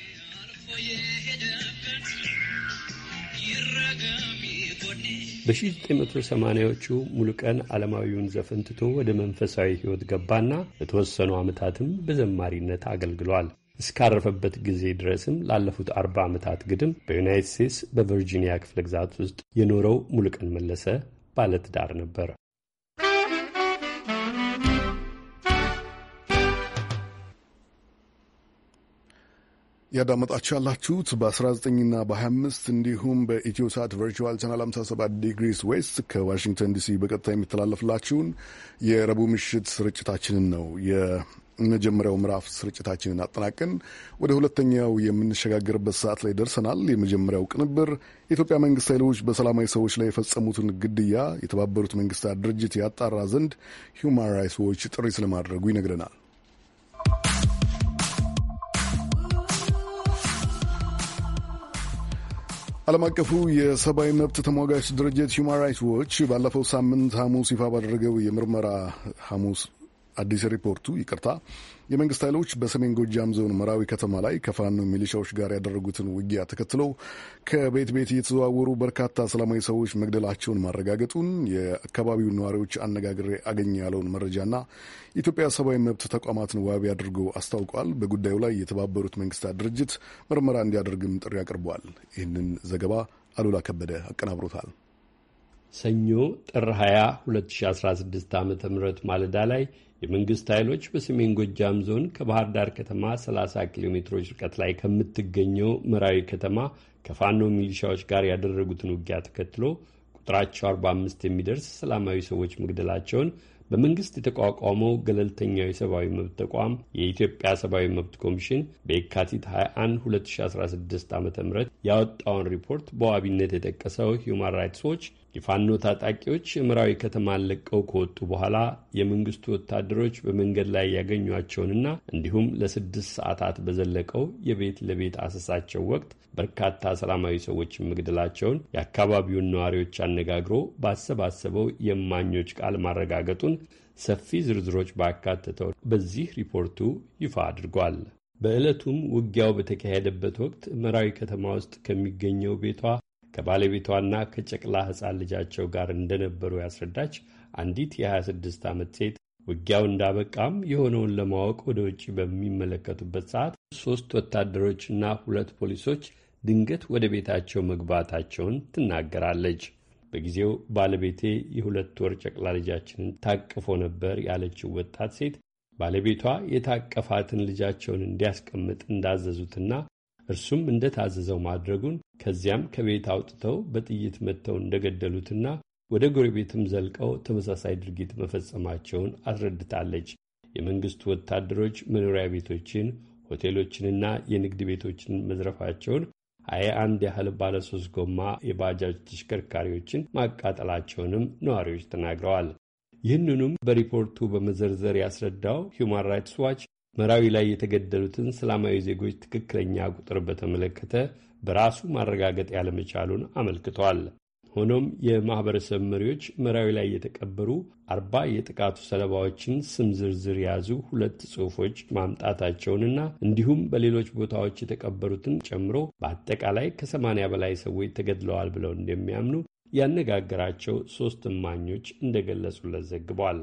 [SPEAKER 16] በ1980ዎቹ ሙሉቀን ዓለማዊውን ዘፈን ትቶ ወደ መንፈሳዊ ሕይወት ገባና ለተወሰኑ ዓመታትም በዘማሪነት አገልግሏል። እስካረፈበት ጊዜ ድረስም ላለፉት አርባ ዓመታት ግድም በዩናይትድ ስቴትስ በቨርጂኒያ ክፍለ ግዛት ውስጥ የኖረው ሙሉቀን መለሰ ባለትዳር ነበር።
[SPEAKER 1] ያዳመጣችሁ ያላችሁት በ19ና በ25 እንዲሁም በኢትዮ ሳት ቨርቹዋል ቻናል 57 ዲግሪስ ዌስት ከዋሽንግተን ዲሲ በቀጥታ የሚተላለፍላችሁን የረቡዕ ምሽት ስርጭታችንን ነው። የመጀመሪያው ምዕራፍ ስርጭታችንን አጠናቀን ወደ ሁለተኛው የምንሸጋገርበት ሰዓት ላይ ደርሰናል። የመጀመሪያው ቅንብር የኢትዮጵያ መንግስት ኃይሎች በሰላማዊ ሰዎች ላይ የፈጸሙትን ግድያ የተባበሩት መንግስታት ድርጅት ያጣራ ዘንድ ሂውማን ራይትስ ዎች ጥሪ ስለማድረጉ ይነግረናል። ዓለም አቀፉ የሰብአዊ መብት ተሟጋች ድርጅት ሁማን ራይትስ ዎች ባለፈው ሳምንት ሐሙስ ይፋ ባደረገው የምርመራ ሐሙስ አዲስ ሪፖርቱ ይቅርታ የመንግስት ኃይሎች በሰሜን ጎጃም ዞን መራዊ ከተማ ላይ ከፋኖ ሚሊሻዎች ጋር ያደረጉትን ውጊያ ተከትሎ ከቤት ቤት እየተዘዋወሩ በርካታ ሰላማዊ ሰዎች መግደላቸውን ማረጋገጡን የአካባቢው ነዋሪዎች አነጋግሬ አገኘ ያለውን መረጃና የኢትዮጵያ ሰብአዊ መብት ተቋማትን ዋቢ አድርጎ አስታውቋል። በጉዳዩ ላይ የተባበሩት መንግስታት ድርጅት ምርመራ እንዲያደርግም ጥሪ አቅርቧል። ይህንን ዘገባ አሉላ ከበደ አቀናብሮታል።
[SPEAKER 16] ሰኞ ጥር 20
[SPEAKER 1] 2016 ዓ ም
[SPEAKER 16] ማለዳ ላይ የመንግስት ኃይሎች በሰሜን ጎጃም ዞን ከባህር ዳር ከተማ 30 ኪሎ ሜትሮች ርቀት ላይ ከምትገኘው መራዊ ከተማ ከፋኖ ሚሊሻዎች ጋር ያደረጉትን ውጊያ ተከትሎ ቁጥራቸው 45 የሚደርስ ሰላማዊ ሰዎች መግደላቸውን በመንግስት የተቋቋመው ገለልተኛው የሰብአዊ መብት ተቋም የኢትዮጵያ ሰብአዊ መብት ኮሚሽን በየካቲት 21 2016 ዓ ም ያወጣውን ሪፖርት በዋቢነት የጠቀሰው ሁማን ራይትስ ዎች የፋኖ ታጣቂዎች ምራዊ ከተማን ለቀው ከወጡ በኋላ የመንግስቱ ወታደሮች በመንገድ ላይ ያገኟቸውንና እንዲሁም ለስድስት ሰዓታት በዘለቀው የቤት ለቤት አሰሳቸው ወቅት በርካታ ሰላማዊ ሰዎች መግደላቸውን የአካባቢውን ነዋሪዎች አነጋግሮ ባሰባሰበው የእማኞች ቃል ማረጋገጡን ሰፊ ዝርዝሮች ባካተተው በዚህ ሪፖርቱ ይፋ አድርጓል። በዕለቱም ውጊያው በተካሄደበት ወቅት መራዊ ከተማ ውስጥ ከሚገኘው ቤቷ ከባለቤቷና ከጨቅላ ሕፃን ልጃቸው ጋር እንደነበሩ ያስረዳች አንዲት የ26 ዓመት ሴት ውጊያው እንዳበቃም የሆነውን ለማወቅ ወደ ውጭ በሚመለከቱበት ሰዓት ሦስት ወታደሮችና ሁለት ፖሊሶች ድንገት ወደ ቤታቸው መግባታቸውን ትናገራለች። በጊዜው ባለቤቴ የሁለት ወር ጨቅላ ልጃችንን ታቅፎ ነበር ያለችው ወጣት ሴት ባለቤቷ የታቀፋትን ልጃቸውን እንዲያስቀምጥ እንዳዘዙትና እርሱም እንደ ታዘዘው ማድረጉን ከዚያም ከቤት አውጥተው በጥይት መጥተው እንደገደሉትና ወደ ጎረቤትም ዘልቀው ተመሳሳይ ድርጊት መፈጸማቸውን አስረድታለች። የመንግሥቱ ወታደሮች መኖሪያ ቤቶችን፣ ሆቴሎችንና የንግድ ቤቶችን መዝረፋቸውን፣ ሀያ አንድ ያህል ባለሶስት ጎማ የባጃጅ ተሽከርካሪዎችን ማቃጠላቸውንም ነዋሪዎች ተናግረዋል። ይህንኑም በሪፖርቱ በመዘርዘር ያስረዳው ሁማን ራይትስ ዋች መራዊ ላይ የተገደሉትን ሰላማዊ ዜጎች ትክክለኛ ቁጥር በተመለከተ በራሱ ማረጋገጥ ያለመቻሉን አመልክቷል። ሆኖም የማኅበረሰብ መሪዎች መራዊ ላይ የተቀበሩ አርባ የጥቃቱ ሰለባዎችን ስም ዝርዝር የያዙ ሁለት ጽሑፎች ማምጣታቸውንና እንዲሁም በሌሎች ቦታዎች የተቀበሩትን ጨምሮ በአጠቃላይ ከሰማንያ በላይ ሰዎች ተገድለዋል ብለው እንደሚያምኑ ያነጋገራቸው ሦስት እማኞች እንደገለጹለት ዘግቧል።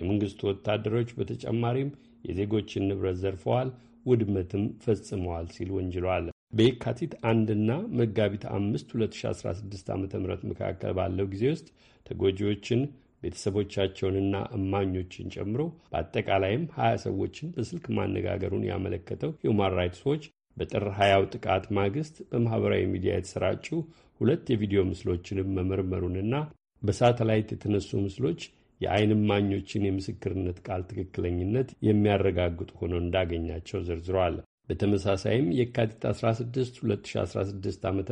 [SPEAKER 16] የመንግሥቱ ወታደሮች በተጨማሪም የዜጎችን ንብረት ዘርፈዋል፣ ውድመትም ፈጽመዋል ሲል ወንጅሏል። በየካቲት አንድና መጋቢት አምስት 2016 ዓ ም መካከል ባለው ጊዜ ውስጥ ተጎጂዎችን ቤተሰቦቻቸውንና እማኞችን ጨምሮ በአጠቃላይም 20 ሰዎችን በስልክ ማነጋገሩን ያመለከተው ሂውማን ራይትስ ዎች በጥር ሀያው ጥቃት ማግስት በማኅበራዊ ሚዲያ የተሰራጩ ሁለት የቪዲዮ ምስሎችንም መመርመሩንና በሳተላይት የተነሱ ምስሎች የዓይን እማኞችን የምስክርነት ቃል ትክክለኝነት የሚያረጋግጡ ሆኖ እንዳገኛቸው ዘርዝሯል። በተመሳሳይም የካቲት 16 2016 ዓ ም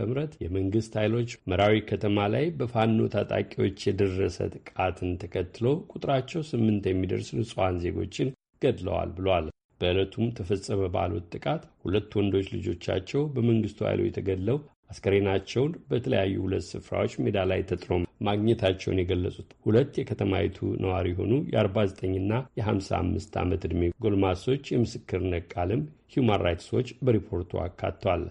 [SPEAKER 16] የመንግሥት ኃይሎች መራዊ ከተማ ላይ በፋኖ ታጣቂዎች የደረሰ ጥቃትን ተከትሎ ቁጥራቸው ስምንት የሚደርስ ንጹሐን ዜጎችን ገድለዋል ብሏል። በዕለቱም ተፈጸመ ባሉት ጥቃት ሁለት ወንዶች ልጆቻቸው በመንግሥቱ ኃይሎች የተገድለው አስከሬናቸውን በተለያዩ ሁለት ስፍራዎች ሜዳ ላይ ተጥሎ ማግኘታቸውን የገለጹት ሁለት የከተማይቱ ነዋሪ የሆኑ የ49ና የ55 ዓመት ዕድሜ ጎልማሶች የምስክርነት ቃልም ሂውማን ራይትስ ዎች በሪፖርቱ አካቷል።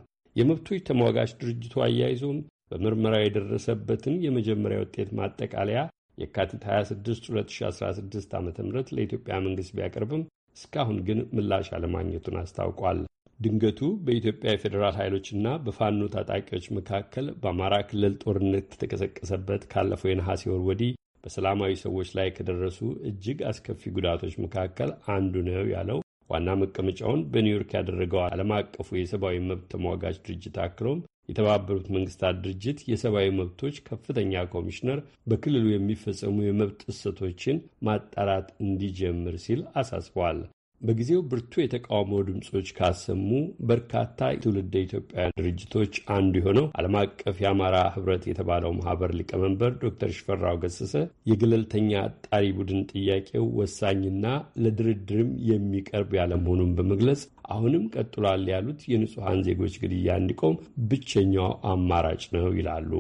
[SPEAKER 16] የመብቶች ተሟጋች ድርጅቱ አያይዞም በምርመራ የደረሰበትን የመጀመሪያ ውጤት ማጠቃለያ የካቲት 26 2016 ዓ ም ለኢትዮጵያ መንግሥት ቢያቀርብም እስካሁን ግን ምላሽ አለማግኘቱን አስታውቋል። ድንገቱ በኢትዮጵያ የፌዴራል ኃይሎችና በፋኖ ታጣቂዎች መካከል በአማራ ክልል ጦርነት ከተቀሰቀሰበት ካለፈው የነሐሴ ወር ወዲህ በሰላማዊ ሰዎች ላይ ከደረሱ እጅግ አስከፊ ጉዳቶች መካከል አንዱ ነው ያለው ዋና መቀመጫውን በኒውዮርክ ያደረገው ዓለም አቀፉ የሰብአዊ መብት ተሟጋች ድርጅት አክሎም የተባበሩት መንግስታት ድርጅት የሰብአዊ መብቶች ከፍተኛ ኮሚሽነር በክልሉ የሚፈጸሙ የመብት ጥሰቶችን ማጣራት እንዲጀምር ሲል አሳስበዋል። በጊዜው ብርቱ የተቃውሞ ድምፆች ካሰሙ በርካታ ትውልደ ኢትዮጵያውያን ድርጅቶች አንዱ የሆነው ዓለም አቀፍ የአማራ ህብረት የተባለው ማህበር ሊቀመንበር ዶክተር ሽፈራው ገሰሰ የገለልተኛ አጣሪ ቡድን ጥያቄው ወሳኝና ለድርድርም የሚቀርብ ያለመሆኑን በመግለጽ አሁንም ቀጥሏል ያሉት የንጹሐን ዜጎች ግድያ እንዲቆም ብቸኛው አማራጭ ነው ይላሉ።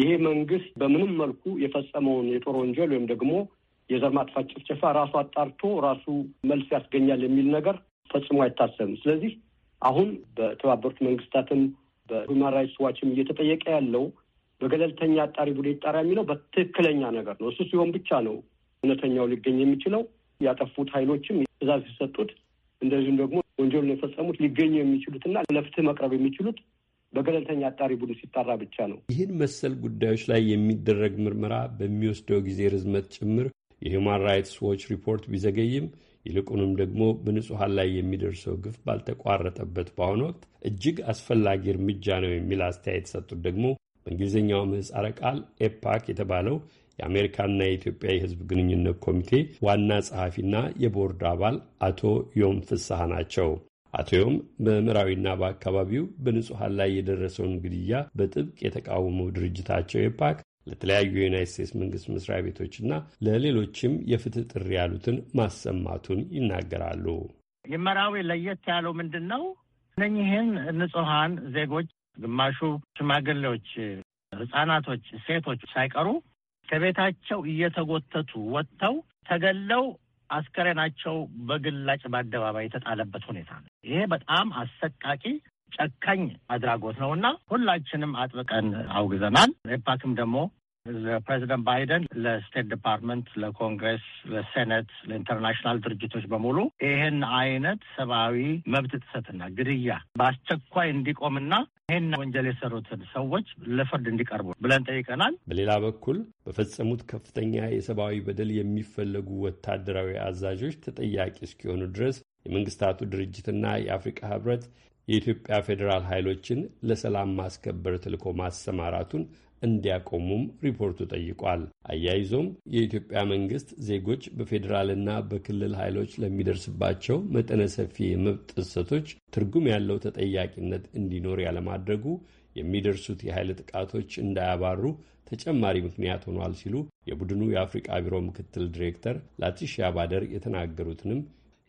[SPEAKER 7] ይሄ መንግስት በምንም መልኩ የፈጸመውን የጦር ወንጀል ወይም ደግሞ የዘር ማጥፋት ጭፍጨፋ ራሱ አጣርቶ ራሱ መልስ ያስገኛል የሚል ነገር ፈጽሞ አይታሰብም። ስለዚህ አሁን በተባበሩት መንግስታትም በሁማን ራይትስ ዋችም እየተጠየቀ ያለው በገለልተኛ አጣሪ ቡድን ይጣራ የሚለው በትክክለኛ ነገር ነው። እሱ ሲሆን ብቻ ነው እውነተኛው ሊገኝ የሚችለው። ያጠፉት ኃይሎችም ትእዛዝ ሲሰጡት፣ እንደዚሁም ደግሞ ወንጀሉን የፈጸሙት ሊገኙ የሚችሉትና ለፍትህ መቅረብ የሚችሉት በገለልተኛ አጣሪ ቡድን ሲጣራ ብቻ ነው።
[SPEAKER 16] ይህን መሰል ጉዳዮች ላይ የሚደረግ ምርመራ በሚወስደው ጊዜ ርዝመት ጭምር የሁማን ራይትስ ዎች ሪፖርት ቢዘገይም ይልቁንም ደግሞ በንጹሐን ላይ የሚደርሰው ግፍ ባልተቋረጠበት በአሁኑ ወቅት እጅግ አስፈላጊ እርምጃ ነው የሚል አስተያየት ሰጡት ደግሞ በእንግሊዝኛው ምህጻረ ቃል ኤፓክ የተባለው የአሜሪካና የኢትዮጵያ የህዝብ ግንኙነት ኮሚቴ ዋና ጸሐፊና የቦርድ አባል አቶ ዮም ፍስሐ ናቸው። አቶ ዮም በምዕራዊና በአካባቢው በንጹሐን ላይ የደረሰውን ግድያ በጥብቅ የተቃወመው ድርጅታቸው ኤፓክ ለተለያዩ የዩናይት ስቴትስ መንግስት መስሪያ ቤቶችና ለሌሎችም የፍትህ ጥሪ ያሉትን ማሰማቱን ይናገራሉ።
[SPEAKER 13] የመራዊ ለየት ያለው ምንድን ነው? እነኚህን ንጹሐን ዜጎች ግማሹ ሽማግሌዎች፣ ህጻናቶች፣ ሴቶች ሳይቀሩ ከቤታቸው እየተጎተቱ ወጥተው ተገለው አስከሬናቸው በግላጭ በአደባባይ የተጣለበት ሁኔታ ነው። ይሄ በጣም አሰቃቂ ጨካኝ አድራጎት ነው እና ሁላችንም አጥብቀን አውግዘናል። ኤፓክም ደግሞ ለፕሬዚደንት ባይደን፣ ለስቴት ዲፓርትመንት፣ ለኮንግረስ ለሴኔት፣ ለኢንተርናሽናል ድርጅቶች በሙሉ ይህን አይነት ሰብአዊ መብት ጥሰትና ግድያ በአስቸኳይ እንዲቆምና ይህን ወንጀል የሰሩትን ሰዎች ለፍርድ እንዲቀርቡ ብለን ጠይቀናል።
[SPEAKER 16] በሌላ በኩል በፈጸሙት ከፍተኛ የሰብአዊ በደል የሚፈለጉ ወታደራዊ አዛዦች ተጠያቂ እስኪሆኑ ድረስ የመንግስታቱ ድርጅትና የአፍሪካ ህብረት የኢትዮጵያ ፌዴራል ኃይሎችን ለሰላም ማስከበር ተልዕኮ ማሰማራቱን እንዲያቆሙም ሪፖርቱ ጠይቋል። አያይዞም የኢትዮጵያ መንግስት ዜጎች በፌዴራልና በክልል ኃይሎች ለሚደርስባቸው መጠነ ሰፊ የመብት ጥሰቶች ትርጉም ያለው ተጠያቂነት እንዲኖር ያለማድረጉ የሚደርሱት የኃይል ጥቃቶች እንዳያባሩ ተጨማሪ ምክንያት ሆኗል ሲሉ የቡድኑ የአፍሪቃ ቢሮ ምክትል ዲሬክተር ላቲሺያ ባደር የተናገሩትንም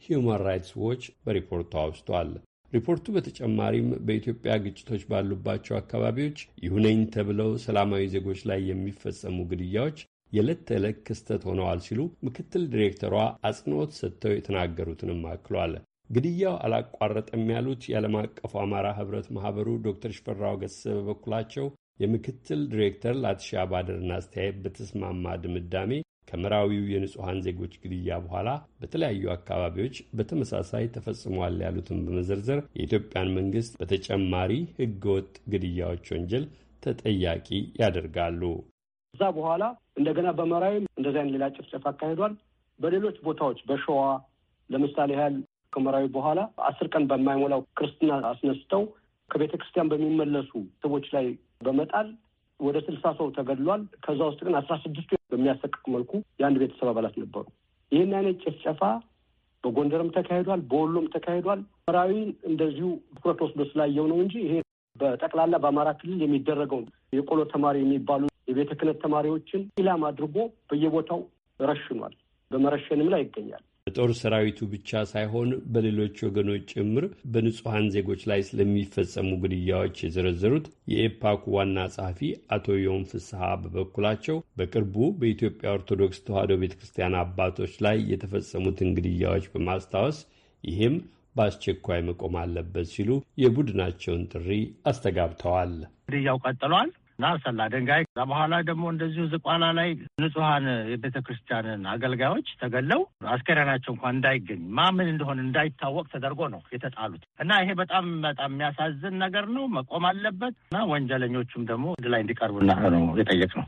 [SPEAKER 16] ሂዩማን ራይትስ ዎች በሪፖርቱ አውስቷል። ሪፖርቱ በተጨማሪም በኢትዮጵያ ግጭቶች ባሉባቸው አካባቢዎች ይሁነኝ ተብለው ሰላማዊ ዜጎች ላይ የሚፈጸሙ ግድያዎች የዕለት ተዕለት ክስተት ሆነዋል ሲሉ ምክትል ዲሬክተሯ አጽንኦት ሰጥተው የተናገሩትንም አክሏል። ግድያው አላቋረጠም ያሉት የዓለም አቀፉ አማራ ህብረት ማህበሩ ዶክተር ሽፈራው ገሰ በበኩላቸው የምክትል ዲሬክተር ላትሻ ባደርን አስተያየት በተስማማ ድምዳሜ ከምዕራዊው የንጹሐን ዜጎች ግድያ በኋላ በተለያዩ አካባቢዎች በተመሳሳይ ተፈጽሟል ያሉትን በመዘርዘር የኢትዮጵያን መንግስት በተጨማሪ ህገወጥ ግድያዎች ወንጀል ተጠያቂ ያደርጋሉ።
[SPEAKER 7] እዛ በኋላ እንደገና በመራዊም እንደዚህ አይነት ሌላ ጭፍጨፍ አካሂዷል። በሌሎች ቦታዎች በሸዋ ለምሳሌ ያህል ከመራዊ በኋላ አስር ቀን በማይሞላው ክርስትና አስነስተው ከቤተ ክርስቲያን በሚመለሱ ሰዎች ላይ በመጣል ወደ ስልሳ ሰው ተገድሏል። ከዛ ውስጥ ግን አስራ ስድስቱ በሚያሰቅቅ መልኩ የአንድ ቤተሰብ አባላት ነበሩ። ይህን አይነት ጭፍጨፋ በጎንደርም ተካሂዷል፣ በወሎም ተካሂዷል። መራዊ እንደዚሁ ትኩረት ወስዶ ስላየው ነው እንጂ ይሄ በጠቅላላ በአማራ ክልል የሚደረገውን የቆሎ ተማሪ የሚባሉ የቤተ ክህነት ተማሪዎችን ኢላማ አድርጎ በየቦታው ረሽኗል፣ በመረሸንም ላይ ይገኛል።
[SPEAKER 16] በጦር ሰራዊቱ ብቻ ሳይሆን በሌሎች ወገኖች ጭምር በንጹሐን ዜጎች ላይ ስለሚፈጸሙ ግድያዎች የዘረዘሩት የኤፓኩ ዋና ጸሐፊ አቶ ዮም ፍስሐ በበኩላቸው በቅርቡ በኢትዮጵያ ኦርቶዶክስ ተዋሕዶ ቤተ ክርስቲያን አባቶች ላይ የተፈጸሙትን ግድያዎች በማስታወስ ይህም በአስቸኳይ መቆም አለበት ሲሉ የቡድናቸውን ጥሪ አስተጋብተዋል።
[SPEAKER 13] ግድያው ቀጥሏል። እና ሰላ ድንጋይ በኋላ ደግሞ እንደዚሁ ዝቋላ ላይ ንጹሀን የቤተ ክርስቲያንን አገልጋዮች ተገለው አስከሬናቸው እንኳን እንዳይገኝ ማምን እንደሆነ እንዳይታወቅ ተደርጎ ነው የተጣሉት እና ይሄ በጣም በጣም የሚያሳዝን ነገር ነው፣ መቆም አለበት እና ወንጀለኞቹም ደግሞ ወደ ላይ እንዲቀርቡና ነው የጠየቅ
[SPEAKER 16] ነው።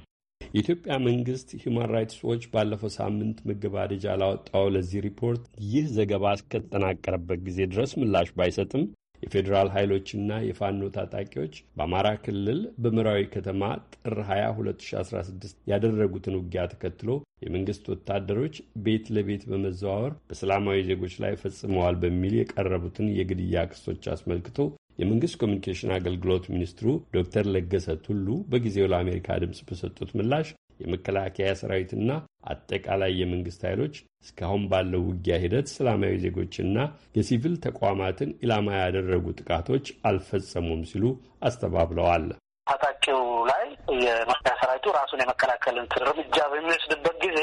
[SPEAKER 16] የኢትዮጵያ መንግስት ሂውማን ራይትስ ዎች ባለፈው ሳምንት መገባደጃ ላወጣው ለዚህ ሪፖርት ይህ ዘገባ እስከተጠናቀረበት ጊዜ ድረስ ምላሽ ባይሰጥም የፌዴራል ኃይሎችና የፋኖ ታጣቂዎች በአማራ ክልል በመራዊ ከተማ ጥር 20 2016 ያደረጉትን ውጊያ ተከትሎ የመንግስት ወታደሮች ቤት ለቤት በመዘዋወር በሰላማዊ ዜጎች ላይ ፈጽመዋል በሚል የቀረቡትን የግድያ ክሶች አስመልክቶ የመንግስት ኮሚኒኬሽን አገልግሎት ሚኒስትሩ ዶክተር ለገሰ ቱሉ በጊዜው ለአሜሪካ ድምፅ በሰጡት ምላሽ የመከላከያ ሰራዊትና አጠቃላይ የመንግስት ኃይሎች እስካሁን ባለው ውጊያ ሂደት ሰላማዊ ዜጎችና የሲቪል ተቋማትን ኢላማ ያደረጉ ጥቃቶች አልፈጸሙም ሲሉ አስተባብለዋል።
[SPEAKER 13] ታጣቂው ላይ
[SPEAKER 7] የመከላከያ ሰራዊቱ ራሱን የመከላከል እንትን እርምጃ በሚወስድበት ጊዜ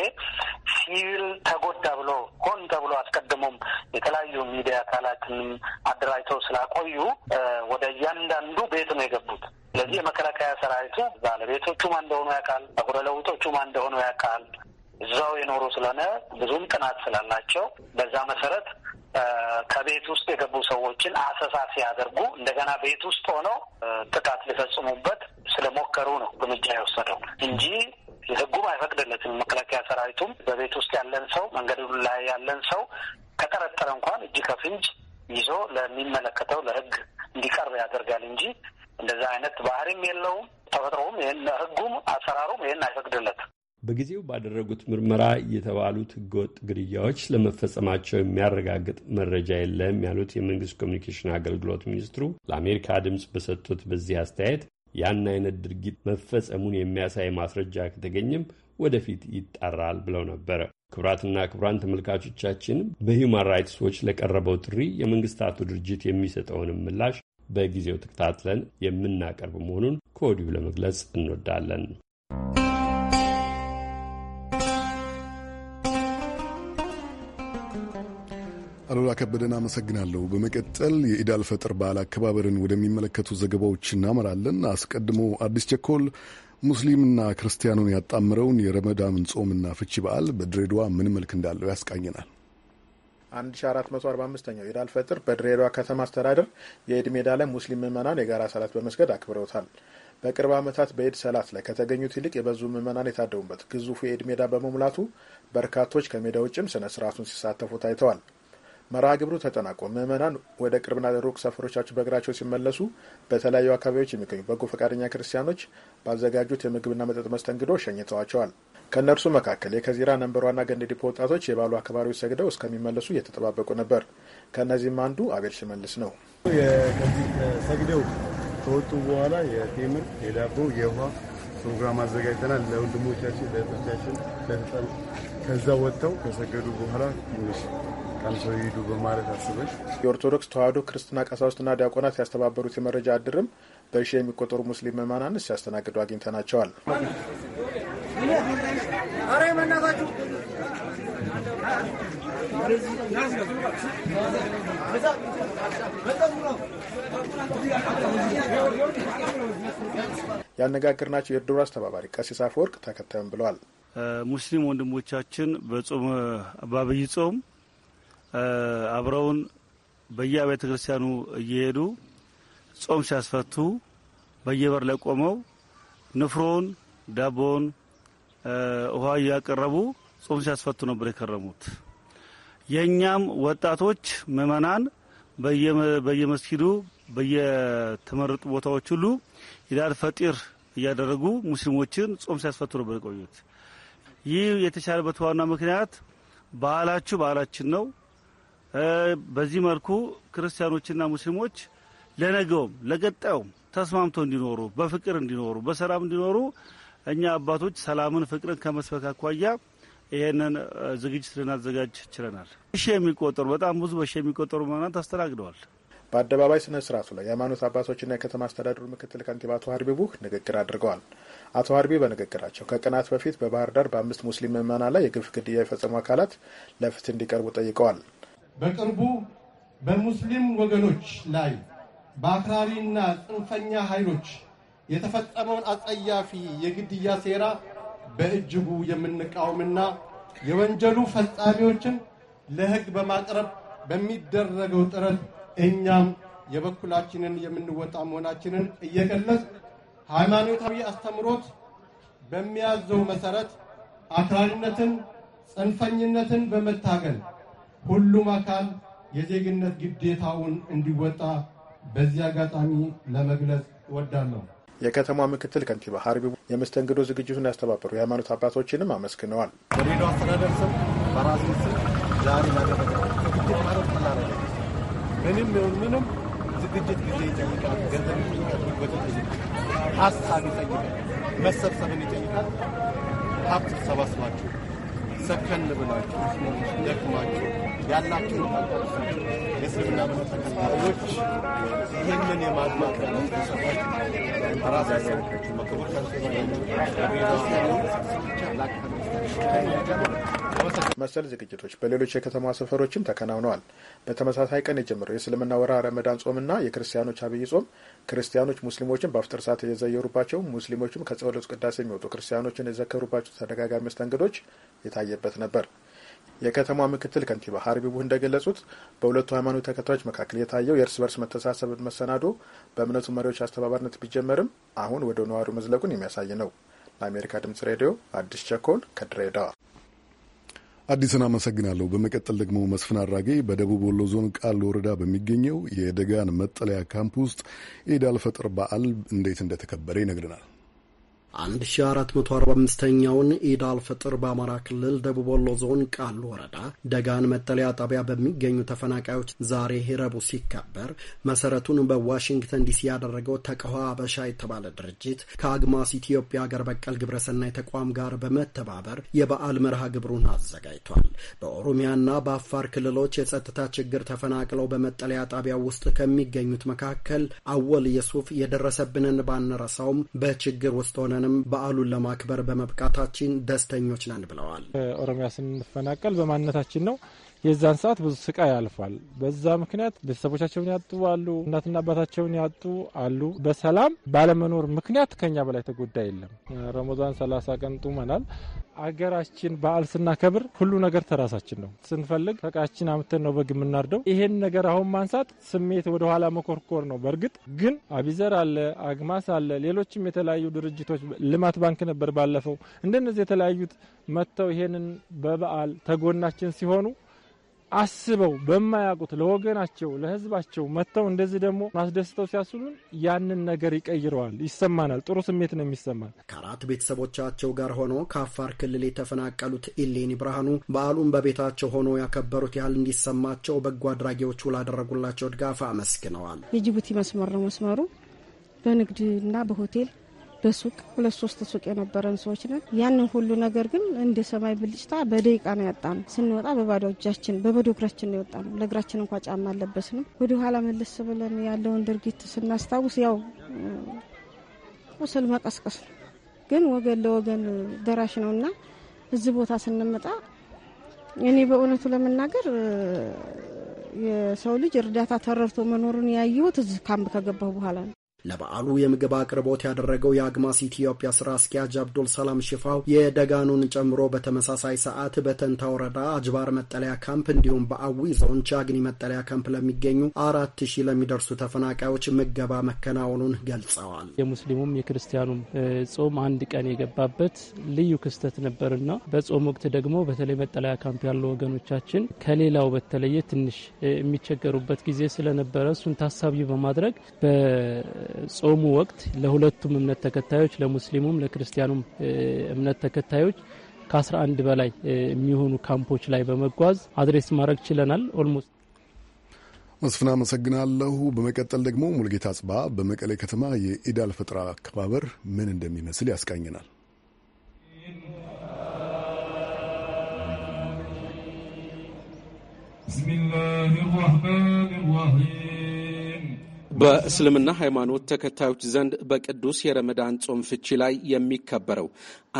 [SPEAKER 7] ሲቪል ተጎዳ ብሎ ሆን ተብሎ አስቀድሞም የተለያዩ ሚዲያ አካላትንም አደራጅተው ስላቆዩ ወደ እያንዳንዱ ቤት ነው የገቡት። ስለዚህ የመከላከያ ሰራዊቱ ባለቤቶቹ ማን እንደሆኑ ያውቃል፣ አጉረ ለውጦቹ ማን እንደሆኑ ያውቃል። እዛው የኖሩ ስለሆነ ብዙም ጥናት ስላላቸው በዛ መሰረት ከቤት ውስጥ የገቡ ሰዎችን አሰሳ ሲያደርጉ እንደገና ቤት ውስጥ ሆነው ጥቃት ሊፈጽሙበት ስለሞከሩ ነው እርምጃ የወሰደው እንጂ ሕጉም አይፈቅድለትም። መከላከያ ሰራዊቱም በቤት ውስጥ ያለን ሰው መንገድ ላይ ያለን ሰው ከጠረጠረ እንኳን እጅ ከፍንጅ ይዞ ለሚመለከተው ለሕግ እንዲቀርብ ያደርጋል እንጂ እንደዛ አይነት ባህሪም የለውም። ተፈጥሮውም ይህን ህጉም አሰራሩም ይህን አይፈቅድለት።
[SPEAKER 16] በጊዜው ባደረጉት ምርመራ የተባሉት ህገወጥ ግድያዎች ለመፈጸማቸው የሚያረጋግጥ መረጃ የለም ያሉት የመንግስት ኮሚኒኬሽን አገልግሎት ሚኒስትሩ ለአሜሪካ ድምፅ በሰጡት በዚህ አስተያየት ያን አይነት ድርጊት መፈጸሙን የሚያሳይ ማስረጃ ከተገኘም ወደፊት ይጣራል ብለው ነበረ። ክቡራትና ክቡራን ተመልካቾቻችን በሂውማን ራይትስ ዎች ለቀረበው ጥሪ የመንግስታቱ ድርጅት የሚሰጠውንም ምላሽ በጊዜው ተከታትለን የምናቀርብ መሆኑን ከወዲሁ ለመግለጽ እንወዳለን።
[SPEAKER 1] አሉላ ከበደን አመሰግናለሁ። በመቀጠል የኢዳል ፈጥር በዓል አከባበርን ወደሚመለከቱ ዘገባዎች እናመራለን። አስቀድሞ አዲስ ቸኮል ሙስሊምና ክርስቲያኑን ያጣምረውን የረመዳን ጾምና ፍቺ በዓል በድሬዳዋ ምን መልክ እንዳለው ያስቃኘናል።
[SPEAKER 9] 1445ኛው ኢድ አልፈጥር በድሬዳዋ ከተማ አስተዳደር የኢድ ሜዳ ላይ ሙስሊም ምዕመናን የጋራ ሰላት በመስገድ አክብረውታል። በቅርብ ዓመታት በኢድ ሰላት ላይ ከተገኙት ይልቅ የበዙ ምዕመናን የታደሙበት ግዙፉ የኢድ ሜዳ በመሙላቱ በርካቶች ከሜዳ ውጭም ስነ ስርዓቱን ሲሳተፉ ታይተዋል። መርሃ ግብሩ ተጠናቆ ምዕመናን ወደ ቅርብና ሩቅ ሰፈሮቻቸው በእግራቸው ሲመለሱ በተለያዩ አካባቢዎች የሚገኙ በጎ ፈቃደኛ ክርስቲያኖች ባዘጋጁት የምግብና መጠጥ መስተንግዶ ሸኝተዋቸዋል። ከእነርሱ መካከል የከዚራ ነንበሯና ገንደ ዲፖ ወጣቶች የባሉ አካባቢዎች ሰግደው እስከሚመለሱ እየተጠባበቁ ነበር። ከእነዚህም አንዱ አቤል ሽመልስ ነው።
[SPEAKER 1] ሰግደው ከወጡ በኋላ የቴምር የዳቦ የውሃ ፕሮግራም አዘጋጅተናል ለወንድሞቻችን ለእህቶቻችን ለህፃን ከዛ ወጥተው ከሰገዱ
[SPEAKER 9] በኋላ ትንሽ ቀንሰው ይሄዱ በማለት አስበሽ የኦርቶዶክስ ተዋሕዶ ክርስትና ቀሳውስትና ዲያቆናት ያስተባበሩት የመረጃ እድርም በሺ የሚቆጠሩ ሙስሊም ምዕመናን ሲያስተናግዱ አግኝተናቸዋል። ያነጋገርናቸው የድሮ አስተባባሪ ቀሲስ አፈወርቅ ተከታዩም ብለዋል።
[SPEAKER 12] ሙስሊም ወንድሞቻችን በጾም በአብይ ጾም አብረውን በየቤተ ክርስቲያኑ እየሄዱ ጾም ሲያስፈቱ በየበር ላይ ቆመው ንፍሮን፣ ዳቦን፣ ውሃ እያቀረቡ ጾም ሲያስፈቱ ነበር የከረሙት። የእኛም ወጣቶች ምእመናን በየመስጊዱ በየተመረጡ ቦታዎች ሁሉ ኢዳል ፈጢር እያደረጉ ሙስሊሞችን ጾም ሲያስፈቱ ነበር የቆዩት። ይህ የተሻለበት ዋና ምክንያት ባህላችሁ ባህላችን ነው በዚህ መልኩ ክርስቲያኖችና ሙስሊሞች ለነገውም ለቀጣዩም ተስማምቶ እንዲኖሩ በፍቅር እንዲኖሩ በሰላም እንዲኖሩ እኛ አባቶች ሰላምን ፍቅርን ከመስበክ አኳያ ይህንን ዝግጅት ልናዘጋጅ ችለናል። ሺ የሚቆጠሩ በጣም ብዙ በሺ የሚቆጠሩ ምዕመናን ታስተናግደዋል።
[SPEAKER 9] በአደባባይ ስነ ስርዓቱ ላይ የሃይማኖት አባቶችና የከተማ አስተዳደሩ ምክትል ከንቲባ አቶ ሀርቢ ቡህ ንግግር አድርገዋል። አቶ ሀርቢ በንግግራቸው ከቀናት በፊት በባህር ዳር በአምስት ሙስሊም ምዕመናን ላይ የግፍ ግድያ የፈጸሙ አካላት ለፍትህ እንዲቀርቡ ጠይቀዋል።
[SPEAKER 17] በቅርቡ በሙስሊም ወገኖች ላይ
[SPEAKER 6] በአክራሪና ጽንፈኛ ኃይሎች የተፈጸመውን አጸያፊ የግድያ ሴራ በእጅጉ የምንቃወምና የወንጀሉ ፈጻሚዎችን ለሕግ በማቅረብ በሚደረገው ጥረት እኛም የበኩላችንን የምንወጣ መሆናችንን እየገለጽ ሃይማኖታዊ አስተምሮት በሚያዘው መሰረት አክራሪነትን፣ ጽንፈኝነትን በመታገል ሁሉም አካል የዜግነት ግዴታውን እንዲወጣ
[SPEAKER 13] በዚህ አጋጣሚ ለመግለጽ እወዳለሁ።
[SPEAKER 9] የከተማ ምክትል ከንቲባ ሀርቢ የመስተንግዶ ዝግጅቱን ያስተባበሩ የሃይማኖት አባቶችንም አመስግነዋል።
[SPEAKER 13] በሬዲዮ አስተዳደር ስም በራሴ ስም
[SPEAKER 6] ዛሬ ላደረገ ምንም ይሁን ምንም ዝግጅት ጊዜ ይጠይቃል። ገንዘብ ይጠይቃል። በጀት ይጠይቃል። ሀሳብ ይጠይቃል። መሰብሰብን ይጠይቃል። ሀብት ሰባስባችሁ ሰከን ብላችሁ ደክማችሁ ያላችሁ የእስልምና እምነት ተከታዮች ይህንን የማድማቅ ራሳቸው በክቡር
[SPEAKER 9] መሰል ዝግጅቶች በሌሎች የከተማ ሰፈሮችም ተከናውነዋል። በተመሳሳይ ቀን የጀመረው የእስልምና ወራ ረመዳን ጾምና የክርስቲያኖች አብይ ጾም ክርስቲያኖች ሙስሊሞችን በአፍጥር ሰዓት የዘየሩባቸው፣ ሙስሊሞችም ከጸሎት ቅዳሴ የሚወጡ ክርስቲያኖችን የዘከሩባቸው ተደጋጋሚ መስተንግዶች የታየበት ነበር። የከተማ ምክትል ከንቲባ ሀርቢ ቡህ እንደገለጹት በሁለቱ ሃይማኖት ተከታዮች መካከል የታየው የእርስ በርስ መተሳሰብ መሰናዶ በእምነቱ መሪዎች አስተባባሪነት ቢጀመርም አሁን ወደ ነዋሪው መዝለቁን የሚያሳይ ነው። ለአሜሪካ ድምጽ ሬዲዮ አዲስ ቸኮል ከድሬዳዋ
[SPEAKER 1] አዲስን አመሰግናለሁ። በመቀጠል ደግሞ መስፍን አራጌ በደቡብ ወሎ ዞን ቃል ወረዳ በሚገኘው የደጋን መጠለያ ካምፕ ውስጥ ኢድ አልፈጥር በዓል እንዴት እንደተከበረ ይነግረናል።
[SPEAKER 6] 1445ኛውን ኢድ አልፈጥር በአማራ ክልል ደቡብ ወሎ ዞን ቃሉ ወረዳ ደጋን መጠለያ ጣቢያ በሚገኙ ተፈናቃዮች ዛሬ ረቡዕ ሲከበር መሰረቱን በዋሽንግተን ዲሲ ያደረገው ተቃዋ አበሻ የተባለ ድርጅት ከአግማስ ኢትዮጵያ አገር በቀል ግብረሰናይ ተቋም ጋር በመተባበር የበዓል መርሃ ግብሩን አዘጋጅቷል። በኦሮሚያና በአፋር ክልሎች የጸጥታ ችግር ተፈናቅለው በመጠለያ ጣቢያ ውስጥ ከሚገኙት መካከል አወል የሱፍ የደረሰብንን ባንረሳውም በችግር ውስጥ ሆነን አሁንም በዓሉን
[SPEAKER 10] ለማክበር በመብቃታችን ደስተኞች ነን ብለዋል። ኦሮሚያ ስንፈናቀል በማንነታችን ነው። የዛን ሰዓት ብዙ ስቃይ ያልፋል። በዛ ምክንያት ቤተሰቦቻቸውን ያጡ አሉ፣ እናትና አባታቸውን ያጡ አሉ። በሰላም ባለመኖር ምክንያት ከኛ በላይ ተጎዳ የለም። ረመዛን ሰላሳ ቀን ጡመናል። አገራችን በዓል ስናከብር ሁሉ ነገር ተራሳችን ነው። ስንፈልግ ፈቃችን አምተን ነው በግ የምናርደው። ይሄን ነገር አሁን ማንሳት ስሜት ወደኋላ መኮርኮር ነው። በእርግጥ ግን አቢዘር አለ፣ አግማስ አለ፣ ሌሎችም የተለያዩ ድርጅቶች ልማት ባንክ ነበር ባለፈው። እንደነዚህ የተለያዩት መጥተው ይሄንን በበዓል ተጎናችን ሲሆኑ አስበው በማያውቁት ለወገናቸው ለህዝባቸው መጥተው እንደዚህ ደግሞ ማስደስተው ሲያስሉን ያንን ነገር ይቀይረዋል። ይሰማናል፣ ጥሩ ስሜት ነው የሚሰማል። ከአራት
[SPEAKER 6] ቤተሰቦቻቸው ጋር ሆነው ከአፋር ክልል የተፈናቀሉት ኢሌኒ ብርሃኑ በዓሉን በቤታቸው ሆኖ ያከበሩት ያህል እንዲሰማቸው በጎ አድራጊዎቹ ላደረጉላቸው ድጋፍ አመስግነዋል።
[SPEAKER 2] የጅቡቲ መስመር ነው መስመሩ በንግድና በሆቴል በሱቅ ሁለት ሶስት ሱቅ የነበረን ሰዎች ነን። ያንን ሁሉ ነገር ግን እንደ ሰማይ ብልጭታ በደቂቃ ነው ያጣነው። ስንወጣ በባዶ እጃችን በባዶ እግራችን ነው ለእግራችን እንኳ ጫማ አለበስንም። ወደ ኋላ መለስ ብለን ያለውን ድርጊት ስናስታውስ ያው ቁስል መቀስቀስ ነው፣ ግን ወገን ለወገን ደራሽ ነው እና እዚህ ቦታ ስንመጣ እኔ በእውነቱ ለመናገር የሰው ልጅ እርዳታ ተረርቶ መኖሩን ያየሁት እዚህ ካምፕ ከገባሁ በኋላ ነው።
[SPEAKER 6] ለበዓሉ የምግብ አቅርቦት ያደረገው የአግማስ ኢትዮጵያ ስራ አስኪያጅ አብዱል ሰላም ሽፋው የደጋኑን ጨምሮ በተመሳሳይ ሰዓት በተንታ ወረዳ አጅባር መጠለያ ካምፕ እንዲሁም በአዊ ዞን ቻግኒ መጠለያ ካምፕ ለሚገኙ አራት ሺህ ለሚደርሱ ተፈናቃዮች ምገባ መከናወኑን ገልጸዋል።
[SPEAKER 10] የሙስሊሙም የክርስቲያኑም ጾም አንድ ቀን የገባበት ልዩ ክስተት ነበርና በጾም ወቅት ደግሞ በተለይ መጠለያ ካምፕ ያለው ወገኖቻችን ከሌላው በተለየ ትንሽ የሚቸገሩበት ጊዜ ስለነበረ እሱን ታሳቢ በማድረግ ጾሙ ወቅት ለሁለቱም እምነት ተከታዮች ለሙስሊሙም ለክርስቲያኑም እምነት ተከታዮች ከ11 በላይ የሚሆኑ ካምፖች ላይ በመጓዝ አድሬስ ማድረግ ችለናል። ኦልሞስት
[SPEAKER 1] መስፍን አመሰግናለሁ። በመቀጠል ደግሞ ሙልጌታ ጽባ በመቀሌ ከተማ የኢዳል ፈጥራ አከባበር ምን እንደሚመስል ያስቃኝናል።
[SPEAKER 3] ብስሚላህ ራህማን ራሂም
[SPEAKER 17] በእስልምና ሃይማኖት ተከታዮች ዘንድ በቅዱስ የረመዳን ጾም ፍቺ ላይ የሚከበረው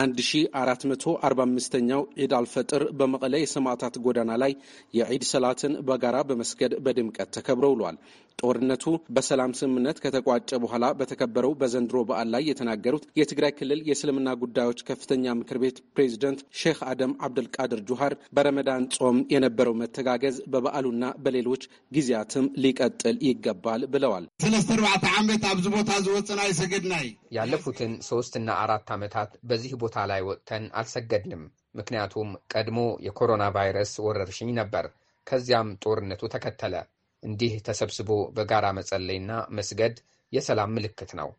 [SPEAKER 17] 1445ኛው ዒድ አልፈጥር በመቀለ የሰማዕታት ጎዳና ላይ የዒድ ሰላትን በጋራ በመስገድ በድምቀት ተከብሮ ውሏል። ጦርነቱ በሰላም ስምምነት ከተቋጨ በኋላ በተከበረው በዘንድሮ በዓል ላይ የተናገሩት የትግራይ ክልል የእስልምና ጉዳዮች ከፍተኛ ምክር ቤት ፕሬዚደንት ሼክ አደም አብደልቃድር ጁሃር በረመዳን ጾም የነበረው መተጋገዝ በበዓሉና በሌሎች ጊዜያትም ሊቀጥል ይገባል ብለዋል።
[SPEAKER 12] ሰለስተ አርባዕተ ዓመት ኣብዚ ቦታ ዝወፅና ይሰገድናይ
[SPEAKER 11] ያለፉትን ሶስትና አራት ዓመታት በዚህ ቦታ ላይ ወጥተን አልሰገድንም። ምክንያቱም ቀድሞ የኮሮና ቫይረስ ወረርሽኝ ነበር። ከዚያም ጦርነቱ ተከተለ። እንዲህ ተሰብስቦ በጋራ መጸለይና መስገድ የሰላም ምልክት ነው።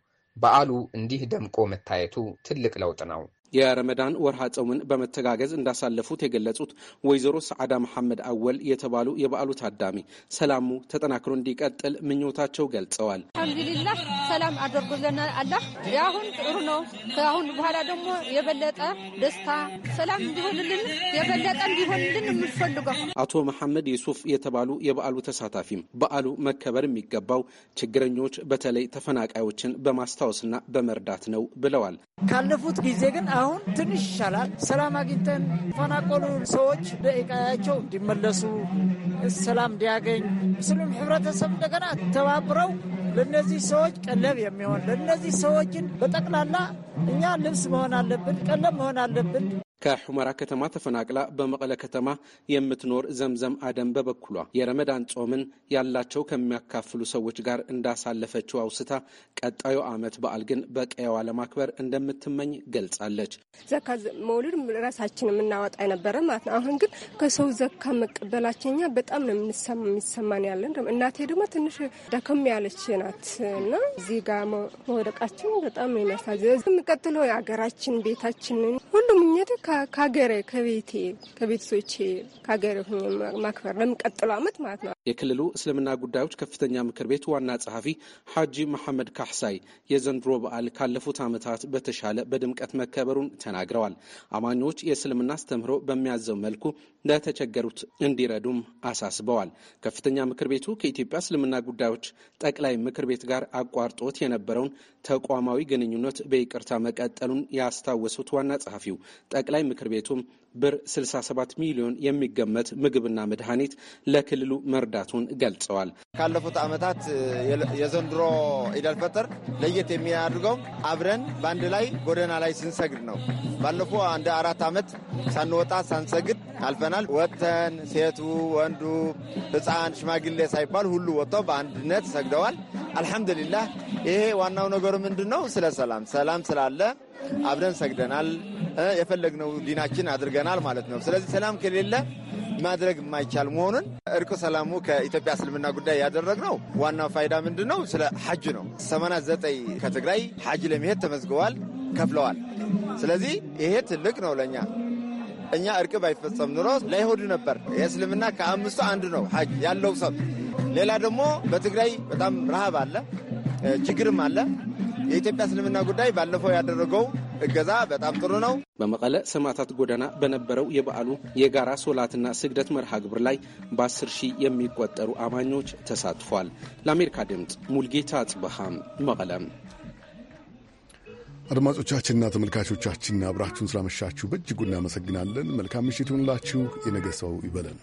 [SPEAKER 11] በዓሉ እንዲህ ደምቆ መታየቱ ትልቅ ለውጥ ነው።
[SPEAKER 17] የረመዳን ወርሃ ጾምን በመተጋገዝ እንዳሳለፉት የገለጹት ወይዘሮ ሰዓዳ መሐመድ አወል የተባሉ የበዓሉ ታዳሚ ሰላሙ ተጠናክሮ እንዲቀጥል ምኞታቸው ገልጸዋል።
[SPEAKER 2] አልሐምዱሊላህ ሰላም አድርጎልናል አላህ። አሁን ጥሩ ነው። ከአሁን በኋላ ደግሞ የበለጠ ደስታ፣ ሰላም እንዲሆንልን የበለጠ እንዲሆንልን የምንፈልገው
[SPEAKER 17] አቶ መሐመድ ዩሱፍ የተባሉ የበዓሉ ተሳታፊም በዓሉ መከበር የሚገባው ችግረኞች በተለይ ተፈናቃዮችን በማስታወስና በመርዳት ነው ብለዋል።
[SPEAKER 15] ካለፉት ጊዜ
[SPEAKER 14] ግን አሁን ትንሽ ይሻላል። ሰላም አግኝተን ፈናቆሉ ሰዎች ደቂቃያቸው እንዲመለሱ ሰላም እንዲያገኝ ምስሉም ህብረተሰብ እንደገና ተባብረው
[SPEAKER 13] ለእነዚህ ሰዎች ቀለብ የሚሆን ለእነዚህ ሰዎችን በጠቅላላ እኛ ልብስ መሆን አለብን፣ ቀለብ መሆን አለብን።
[SPEAKER 17] ከሑመራ ከተማ ተፈናቅላ በመቀለ ከተማ የምትኖር ዘምዘም አደም በበኩሏ የረመዳን ጾምን ያላቸው ከሚያካፍሉ ሰዎች ጋር እንዳሳለፈችው አውስታ ቀጣዩ ዓመት በዓል ግን በቀየዋ ለማክበር እንደምትመኝ ገልጻለች።
[SPEAKER 2] ዘካ መውሊድ ራሳችን የምናወጣ የነበረ ማለት ነው። አሁን ግን ከሰው ዘካ መቀበላችን በጣም ነው የሚሰማን ያለን። እናቴ ደግሞ ትንሽ ደከም ያለች ናት እና እዚህ ጋር መውደቃችን በጣም ነው የሚያሳዝ የሚቀጥለው የሀገራችን ቤታችንን ሁሉም እኘት ከሀገሬ ከቤቴ ከቤተሰቦቼ ከሀገሬ ሆኜ ማክበር ለሚቀጥሉ ዓመት ማለት ነው።
[SPEAKER 17] የክልሉ እስልምና ጉዳዮች ከፍተኛ ምክር ቤት ዋና ጸሐፊ ሐጂ መሐመድ ካሕሳይ የዘንድሮ በዓል ካለፉት ዓመታት በተሻለ በድምቀት መከበሩን ተናግረዋል። አማኞች የእስልምና አስተምህሮ በሚያዘው መልኩ ለተቸገሩት እንዲረዱም አሳስበዋል። ከፍተኛ ምክር ቤቱ ከኢትዮጵያ እስልምና ጉዳዮች ጠቅላይ ምክር ቤት ጋር አቋርጦት የነበረውን ተቋማዊ ግንኙነት በይቅርታ መቀጠሉን ያስታወሱት ዋና ጸሐፊው ጠቅላይ ምክር ቤቱም ብር 67 ሚሊዮን የሚገመት ምግብና መድኃኒት ለክልሉ መርዳቱን ገልጸዋል።
[SPEAKER 6] ካለፉት ዓመታት የዘንድሮ ኢደልፈጠር ለየት የሚያደርገው አብረን በአንድ ላይ ጎደና ላይ ስንሰግድ ነው። ባለፈው አንድ አራት ዓመት ሳንወጣ ሳንሰግድ አልፈናል። ወጥተን ሴቱ፣ ወንዱ፣ ህፃን፣ ሽማግሌ ሳይባል ሁሉ ወጥቶ በአንድነት ሰግደዋል። አልሐምዱሊላህ። ይሄ ዋናው ነገሩ ምንድን ነው? ስለ ሰላም ሰላም ስላለ አብረን ሰግደናል። የፈለግነው ዲናችን አድርገናል ማለት ነው። ስለዚህ ሰላም ከሌለ ማድረግ የማይቻል መሆኑን እርቅ ሰላሙ ከኢትዮጵያ እስልምና ጉዳይ ያደረግነው ዋናው ፋይዳ ምንድን ነው? ስለ ሐጅ ነው። 89 ከትግራይ ሐጅ ለመሄድ ተመዝግበዋል፣ ከፍለዋል። ስለዚህ ይሄ ትልቅ ነው ለእኛ እኛ እርቅ ባይፈጸም ኑሮ ላይሆዱ ነበር። የእስልምና ከአምስቱ አንድ ነው ሐጅ ያለው ሰብ። ሌላ ደግሞ በትግራይ በጣም ረሃብ አለ፣ ችግርም አለ። የኢትዮጵያ እስልምና ጉዳይ ባለፈው ያደረገው እገዛ በጣም
[SPEAKER 17] ጥሩ ነው። በመቀለ ሰማዕታት ጎዳና በነበረው የበዓሉ የጋራ ሶላትና ስግደት መርሃ ግብር ላይ በ10 ሺህ የሚቆጠሩ አማኞች ተሳትፏል። ለአሜሪካ ድምፅ ሙልጌታ አጽበሃም መቀለም።
[SPEAKER 1] አድማጮቻችንና ተመልካቾቻችን አብራችሁን ስላመሻችሁ በእጅጉ እናመሰግናለን። መልካም ምሽት ይሁንላችሁ። የነገ ሰው ይበለን።